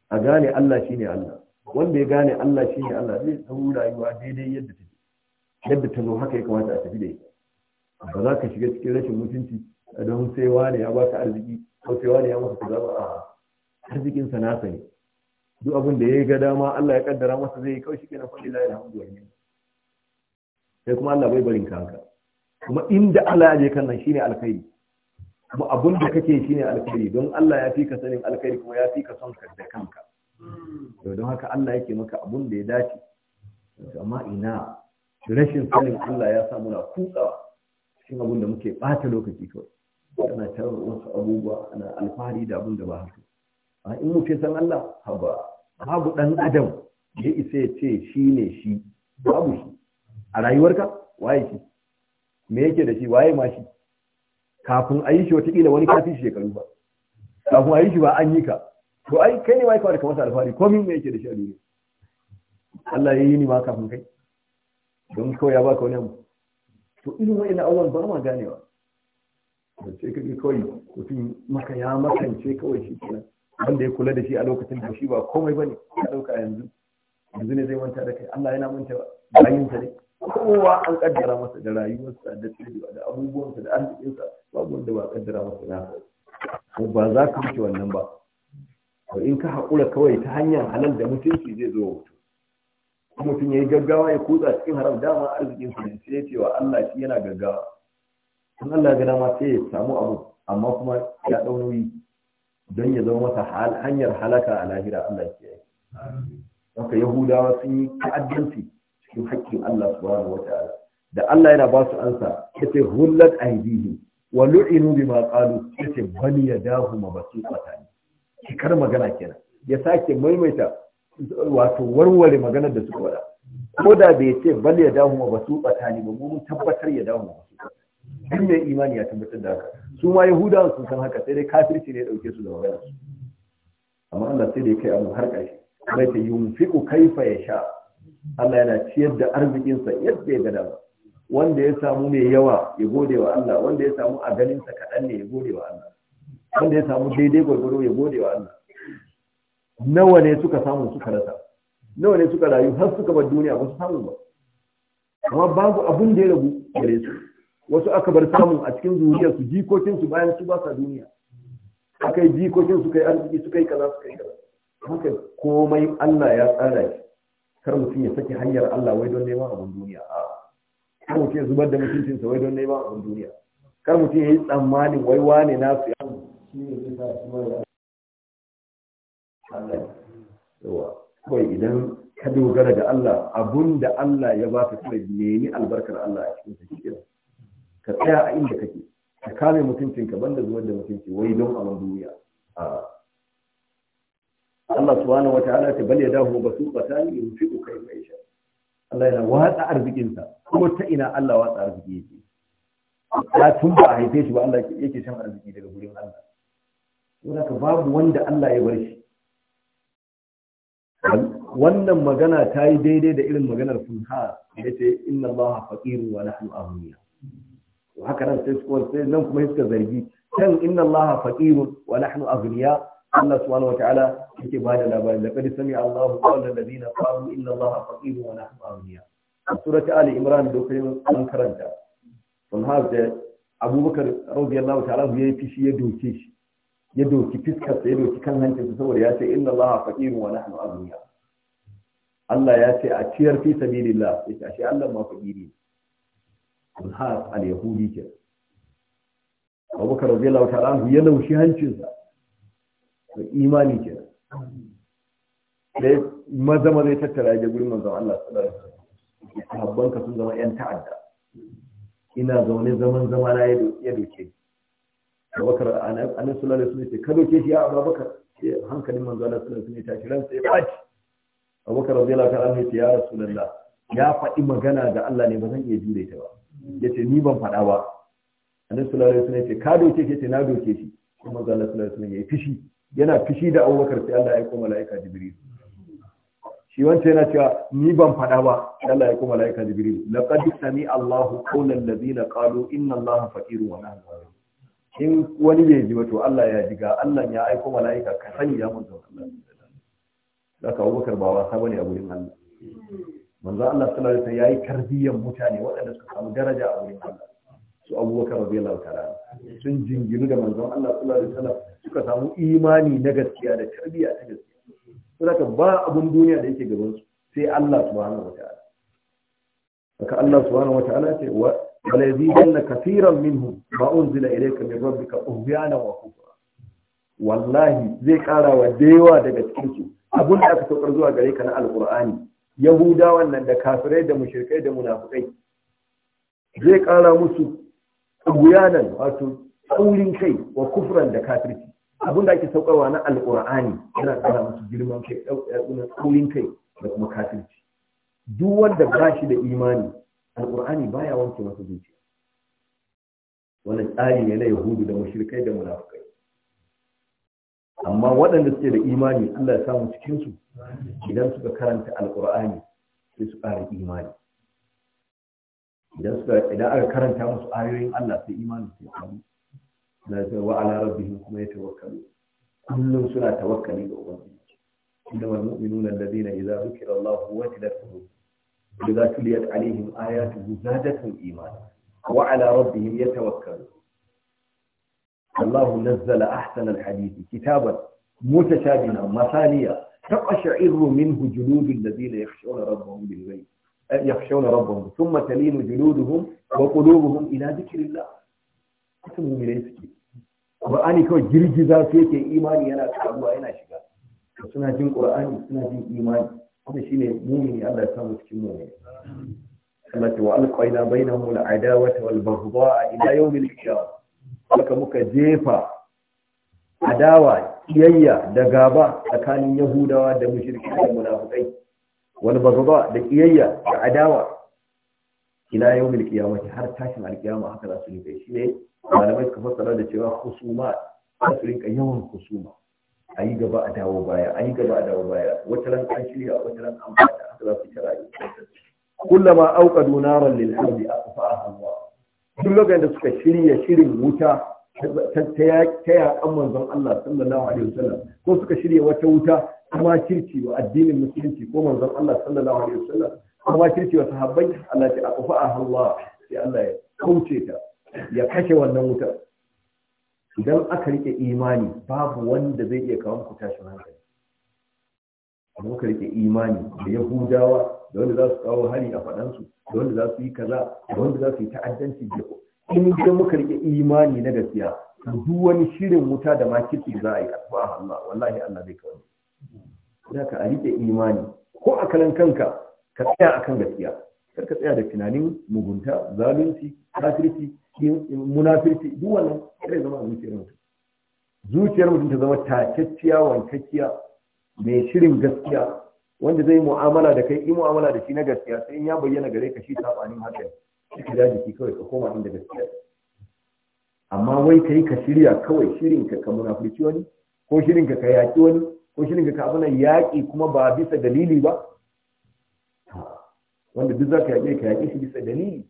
a gane Allah shine Allah wanda ya gane Allah shine Allah zai tsawo rayuwa daidai yadda take yadda ta zo haka ya kamata a tafi da ita ba za ka shiga cikin rashin mutunci don sai wane ya baka arziki kaucewa ne ya masa kaza zama a arzikin sa nasa ne duk abin da ya ga dama Allah ya kaddara masa zai yi kawai shi kenan fa lillahi alhamdulillah sai kuma Allah bai barin kanka kuma inda Allah ya je kan nan shine alkhairi kuma abin da kake shine alkhairi don Allah ya fi ka sanin alkhairi kuma ya fi ka son ka da kanka to don haka Allah yake maka abin da ya dace amma ina rashin sanin Allah ya sa muna kutsawa cikin abun da muke bata lokaci kawai ana ta wasu abubuwa ana alfahari da abin da ba haka a in muke san Allah haba babu dan adam ya isa ya ce shi ne shi babu shi a rayuwarka waye shi me yake da shi waye ma shi kafin a yi shi wataƙila wani kafin shekaru ba kafin a yi shi ba an yi ka to ai kai ne ma kawai ka masa alfahari min me yake da shi a duniya Allah ya yi ni ma kafin kai don kawai ya baka wani abu to irin wa'ina awon ba ma ganewa da sai kawai mutum maka ya makance kawai shi kenan wanda ya kula da shi a lokacin da shi ba komai bane ya dauka yanzu yanzu ne zai manta da kai Allah yana manta bayin sa ne kowa an kaddara masa da rayuwarsa da tsirewa da abubuwansa da arzikinsa babu wanda ba kaddara masa na ko ba za ka wuce wannan ba to in ka haƙura kawai ta hanyar halal da mutunci zai zo wuce mutum ya yi gaggawa ya kutsa cikin haram dama arzikinsa ne sai ya ce wa Allah shi yana gaggawa in Allah ga dama sai ya samu abu amma kuma ya dau nauyi don ya zama masa hanyar halaka a lahira Allah ke yi haka yahudawa sun yi ta'addanci cikin haƙƙin Allah subhanahu wata'ala da Allah yana ba su ansa yace hullat aidihi wa lu'inu bima qalu yace bal yadahu Ki kar magana kenan ya sake maimaita wato warware maganar da suka wada ko da bai ce bal yadahu mabsuqatan ba mu tabbatar yadahu mabsuqatan duk mai imani ya tabbatar da haka su ma yahuda sun san haka sai dai kafirci ne ya dauke su da magana su amma Allah sai da ya kai abu har ƙarshe bai ta yunfiqu kaifa yasha Allah yana ciyar da arzikinsa yadda ya ga dama wanda ya samu mai yawa ya gode wa Allah wanda ya samu a ganinsa kaɗan ne ya gode wa Allah wanda ya samu daidai gwargwaro ya gode wa Allah nawa ne suka samu suka rasa nawa ne suka rayu har suka bar duniya ba su samu ba amma babu abin da ya ragu gare su wasu aka bar samun a cikin zuriyar su jikokin su bayan su ba sa duniya akai jikokin su kai arziki su kai kaza su kai kaza haka komai Allah ya tsara shi kar mutum ya saki hanyar Allah wai don neman abin duniya a kar mutum ya zubar da sa wai don neman abin duniya kar mutum ya yi tsammanin wai wane na su ya shi ne zai sa shi wani Allah yawa kawai idan ka dogara ga Allah abun da Allah ya baka kai nemi albarkar Allah a cikin sa ka tsaya a inda kake ka kame mutuncinka banda zubar da mutunci wai don a duniya Allah subhanahu wataala ta bal yadahu basuqatan yunfiqu kayfa yasha Allah yana watsa arzikinsa ko ta ina Allah watsa arziki yake ya tun ba a haife shi ba Allah yake shan arziki daga gurin Allah wanda ka babu wanda Allah ya bar shi wannan magana ta yi daidai da irin maganar funha da ya ce inna Allah faqiru wa nahnu aghniya to haka nan sai suka sai nan kuma iska zargi kan inna Allah faqirun wa nahnu aghniya Allah subhanahu wa ta'ala yake ba da labari laqad sami Allahu qawla alladhina qalu inna Allah faqirun wa nahnu aghniya surata ali imran dokarin an karanta sun da abubakar radiyallahu ta'ala ya yi fishi ya doke shi ya doki fiskar ya doki kan hancin saboda ya ce inna Allah faqirun wa nahnu aghniya Allah ya ce a ciyar fi sabilillah yace ashe Allah ma faqiri alhaq al-yahudi ke abubakar radiyallahu ta'ala anhu ya laushi hancinsa da imani ke sai maza zai tattara ya gurin manzon Allah sallallahu alaihi wasallam sahabban sun zama yan ta'adda ina zaune zaman zama na ya doke abubakar annabi sallallahu alaihi wasallam ya ka doke shi ya abubakar hankalin manzon Allah sallallahu alaihi wasallam ya tashi ransa ya baci abubakar radiyallahu ta'ala anhu ya rasulullah ya faɗi magana ga Allah ne ba zan iya jure ta ba ya ce ni ban faɗa ba annabi sallallahu alaihi wasallam ya ce ka doke shi ce na doke shi kuma manzo Allah sallallahu alaihi wasallam ya fishi yana fishi da Abubakar sai Allah ya aika malaika Jibril shi wance yana cewa ni ban faɗa ba Allah ya aika malaika Jibril laqad sami Allahu qawlan ladina qalu inna Allaha faqirun wa nahnu ghaniyun in wani bai ji wato to Allah ya ji ga Allah ya aika malaika ka sanya manzo Allah sallallahu alaihi wasallam haka Abubakar ba wasa bane a gurin Allah manzo Allah sallallahu alaihi wasallam yayi tarbiyyar mutane waɗanda suka samu daraja a wurin Allah su abubakar radiyallahu ta'ala sun jingiru da manzon Allah sallallahu alaihi wasallam suka samu imani na gaskiya da tarbiyya ta gaskiya saboda ba abun duniya da yake gaban su sai Allah subhanahu wataala haka Allah subhanahu wataala ce wa wala yazidanna kaseeran minhum ma unzila ilayka min rabbika uhyana wa kufra wallahi zai kara wa da yawa daga cikin su abun da aka saukar zuwa gare ka na alqur'ani yahudawan nan da kafirai da mushrikai da munafukai zai ƙara musu guyanan wato tsaurin kai wa kufran da kafirci abin da ake saukarwa na alƙur'ani yana ƙara musu girman kai tsaurin kai da kuma kafirci duk wanda ba shi da imani alƙur'ani baya wanke masa zuciya wannan tsari ne na yahudu da mushrikai da munafukai amma waɗanda suke da imani Allah ya samu cikin su idan suka karanta alqur'ani sai su ƙara imani idan suka idan aka karanta musu ayoyin Allah sai imani sai samu na ce wa ala rabbihim kuma ya yatawakkalu kullum suna tawakkali ga ubangiji inna wal mu'minuna alladhina idza dhukira Allah wajilat qulubuhum idza tuliyat alaihim ayatuhu zadatuhum imana wa ala rabbihim yatawakkalun Allahu nazzala ahsanal hadisi kitaban mutashabiha masaniya تقشعر منه جلود الذين يخشون ربهم بالغيب يخشون ربهم ثم تلين جلودهم وقلوبهم ذكر الله kawai girgiza yake imani yana karuwa yana shiga suna jin qur'ani suna jin imani kuma shine mu'mini Allah ya samu cikin haka muka jefa adawa kiyayya da gaba tsakanin yahudawa da mushirki da munafukai wani bazaba da kiyayya da adawa ila yawmil qiyamati har tashin alqiyama haka za su yi shi ne malamai suka fassara da cewa husuma za su rinka yawan husuma a yi gaba a dawo baya a yi gaba a dawo baya wata ran an shirya wata ran an bada haka za su yi kullama auqadu naran lil hadi aqfa'aha Allah duk lokacin da suka shirya shirin wuta ta yaƙan manzon Allah sallallahu alaihi wasallam ko suka shirya wata wuta kuma kirki wa addinin musulunci ko manzon Allah sallallahu alaihi wasallam kuma kirki wa sahabbai Allah ta akufa Allah sai Allah ya kauce ta ya kashe wannan wuta idan aka rike imani babu wanda zai iya kawo muku tashin hankali idan aka rike imani da Yahudawa da wanda za su kawo hari a faɗansu da wanda za su yi kaza da wanda za su yi ta'addanci da in da muka rike imani na gaskiya duk wani shirin wuta da makirci za a yi a Allah wallahi Allah zai kawo da ka rike imani ko a kalan kanka ka tsaya akan gaskiya kar ka tsaya da tunanin mugunta zalunci kafirci munafirci duk wannan sai zama a zuciyar mutum zuciyar mutum ta zama takakkiya wankakkiya mai shirin gaskiya wanda zai mu'amala da kai yi mu'amala da shi na gaskiya sai in ya bayyana gare ka shi sabanin haka shi ka jiki kawai ka koma inda gaskiya amma wai kai ka shirya kawai shirin ka ka munafurci wani ko shirin ka ka yaƙi wani ko shirin ka ka abuna yaƙi kuma ba bisa dalili ba wanda duk za ka yaƙe ka yaƙe shi bisa dalili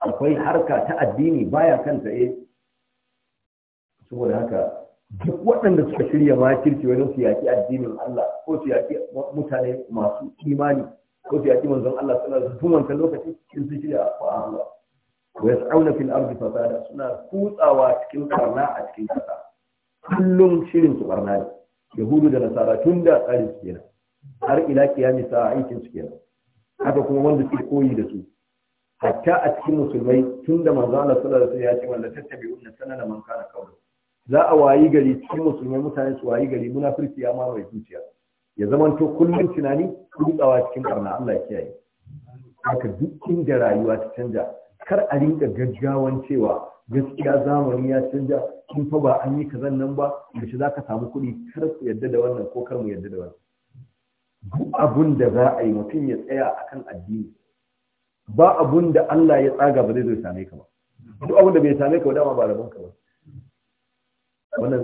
akwai harka ta addini baya kanta eh saboda haka duk waɗanda suka shirya makirci wajen su yaƙi addinin Allah ko su yaƙi mutane masu imani ko su yaƙi manzon Allah suna tun lokaci cikin su shirya a Allah wa yas'auna fil ardi fasada suna kutsawa cikin karna a cikin kasa kullum shirin su karna ne yahudu da nasara tun da tsarin su kenan har ila kiyami sa aikin su kenan haka kuma wanda suke koyi da su hatta a cikin musulmai tun da manzon Allah sallallahu alaihi wasallam ya ce wanda tattabi'un sanana man kana kawai. za a wayi gari cikin musulmai mutane su wayi gari firki ya mamaye zuciya ya zama to kullum tunani dutsawa cikin karna Allah ya kiyaye haka duk inda rayuwa ta canja kar a rinka gaggawan cewa gaskiya zamani ya canja kin fa ba an yi kazan nan ba yaushe za ka samu kuɗi kar ku yadda da wannan ko kar mu yadda da wannan duk abun da za a yi mutum ya tsaya akan addini ba abun da Allah ya tsaga ba zai zo same ka ba duk abun da bai same ka ba dama ba rabon ka ba wannan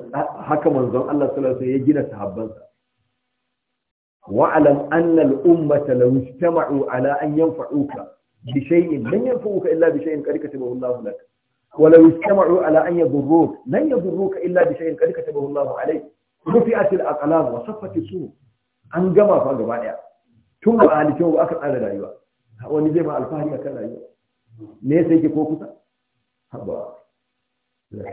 haka manzon Allah sallallahu alaihi ya gina sahabbansa wa'alam anna al-ummata law ijtama'u ala an yanfa'uka bi shay'in lan yanfa'uka illa bi shay'in qad katabahu Allah lak wa law ijtama'u ala an yadurruka lan yadurruka illa bi shay'in qad katabahu Allah alayk rufi'at al-aqlam wa saffat as an gama fa gaba daya tun ba halittu ba aka tsara rayuwa wani zai ma alfahari akan rayuwa ne sai ke ko kusa haba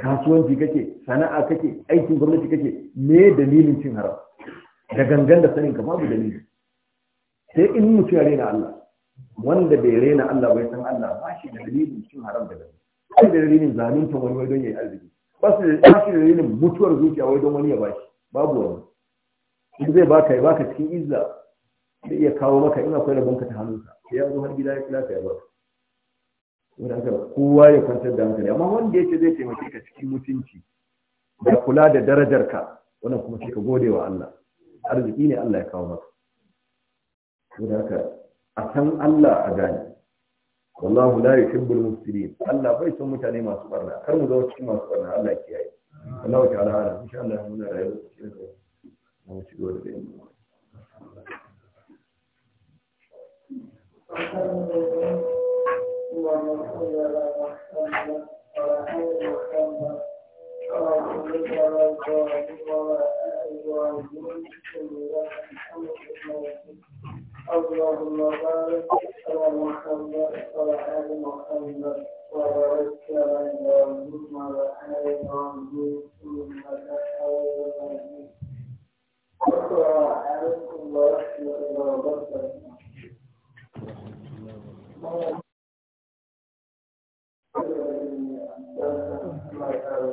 kasuwanci kake sana'a kake aikin gwamnati kake me dalilin cin haram da gangan da sanin ka babu dalili sai in mutu ya rena Allah wanda bai rena Allah bai san Allah ba shi da dalilin cin haram da gangan sai da dalilin zalunta wani wai don yayi arziki ba shi da dalilin mutuwar zuciya wai don wani ya bashi babu wani in zai baka ya baka cikin izza zai iya kawo maka in akwai rabonka ta hannunsa sai ya zo har gida ya kula ka ya baka saboda haka kowa ya kwantar da hankali amma wanda yake zai taimake ka cikin mutunci da kula da darajar ka wannan kuma sai ka gode wa Allah arziki ne Allah ya kawo maka saboda haka a san Allah a gani wallahu la yuhibbul mufsidin Allah bai son mutane masu barna kar mu zama cikin masu barna Allah ya kiyaye Allah ya ta'ala ala insha Allah muna rayuwa cikin mu ci gode da yin Thank you. اللهم بارك على محمد وعلى ال محمد وبارك على ابراهيم وعلى ال ابراهيم انك حميد مجيد السلام عليكم ورحمه الله وبركاته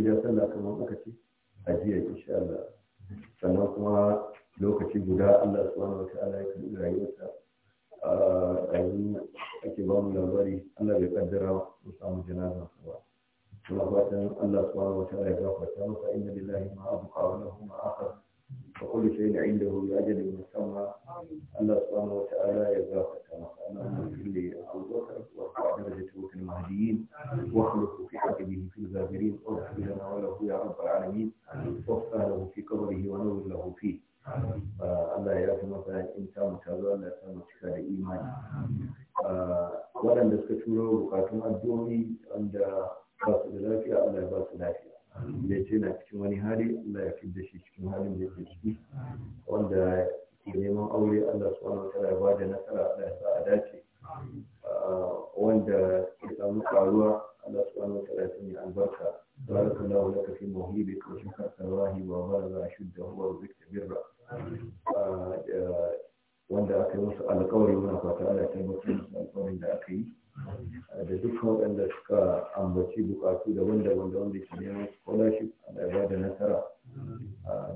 daidai sallah kamar muka ce a jiya insha Allah sannan kuma lokaci guda Allah subhanahu wataala ya kalli rayuwarsa a yanzu ake ba mu labari Allah bai kaddara mu samu janaza ba kuma fatan Allah subhanahu wataala ya gafarta masa inna lillahi ma abqa wa lahu ma akhar wa kullu shay'in indahu bi ajalin musamma Allah subhanahu wataala ya gafarta birra wanda aka yi musu alkawari muna fata ana kai musu alkawarin da aka yi da dukkan waɗanda suka ambaci bukatu da wanda wanda wanda ke neman scholarship da ba da nasara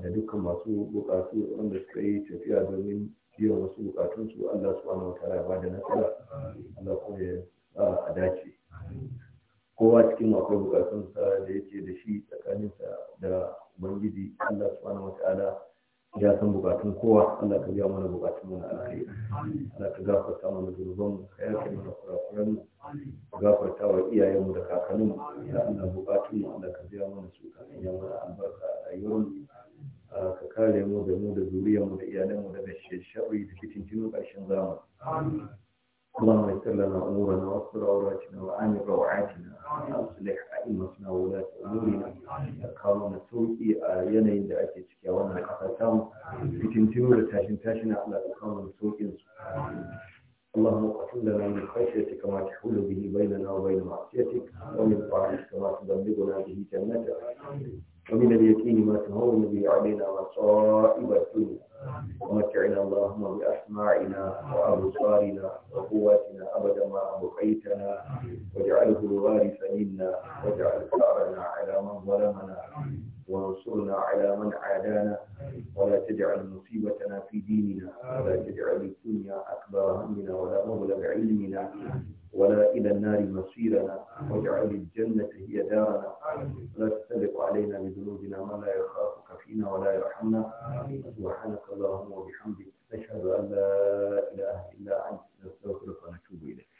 da dukkan masu bukatu wanda suka yi tafiya domin biyan wasu bukatunsu Allah subhanahu wa ta'ala ba da nasara Allah ko ya sa a dace kowa cikin akwai sa, da yake da shi tsakaninsa da ubangiji Allah subhanahu wa ta'ala ya san bukatun kowa Allah ka biya mana bukatun mana na Allah ka gafarta mana zunuban ka yafe mana kurakuran mu ka gafarta wa iyayenmu da kakannin mu ya Allah bukatun mu Allah ka biya mana su ka sanya mana albarka a rayuwar mu ah, ka kare mu da mu da zuriyarmu da iyalanmu daga sharri da fitin jinin ƙarshen zamani اللهم يسر لنا امورنا واستر عوراتنا وعن روعاتنا واصلح ائمتنا وولاة امورنا kawo na sauki a yanayin da ake ciki a wannan kasa samu fitintinu da tashin tashin Allah ka kawo na saukin su اللهم اقسم لنا من خشيتك ما تحول به بيننا وبين معصيتك ومن طاعتك ما تبلغنا به جنتك ومن اليقين ما تهون به علينا مصائب الدنيا ومتعنا اللهم بأسماعنا وأبصارنا وقواتنا أبدا ما أبقيتنا واجعله الوارث منا واجعل ثأرنا على من ظلمنا وانصرنا على من عادانا ولا تجعل مصيبتنا في ديننا ولا تجعل الدنيا أكبر همنا ولا مبلغ علمنا ولا إلى النار مصيرنا واجعل الجنة هي دارنا لا تسلط علينا بذنوبنا ما لا يخافك فينا ولا يرحمنا سبحانك اللهم وبحمدك نشهد أن لا إله إلا أنت نستغفرك ونتوب إليك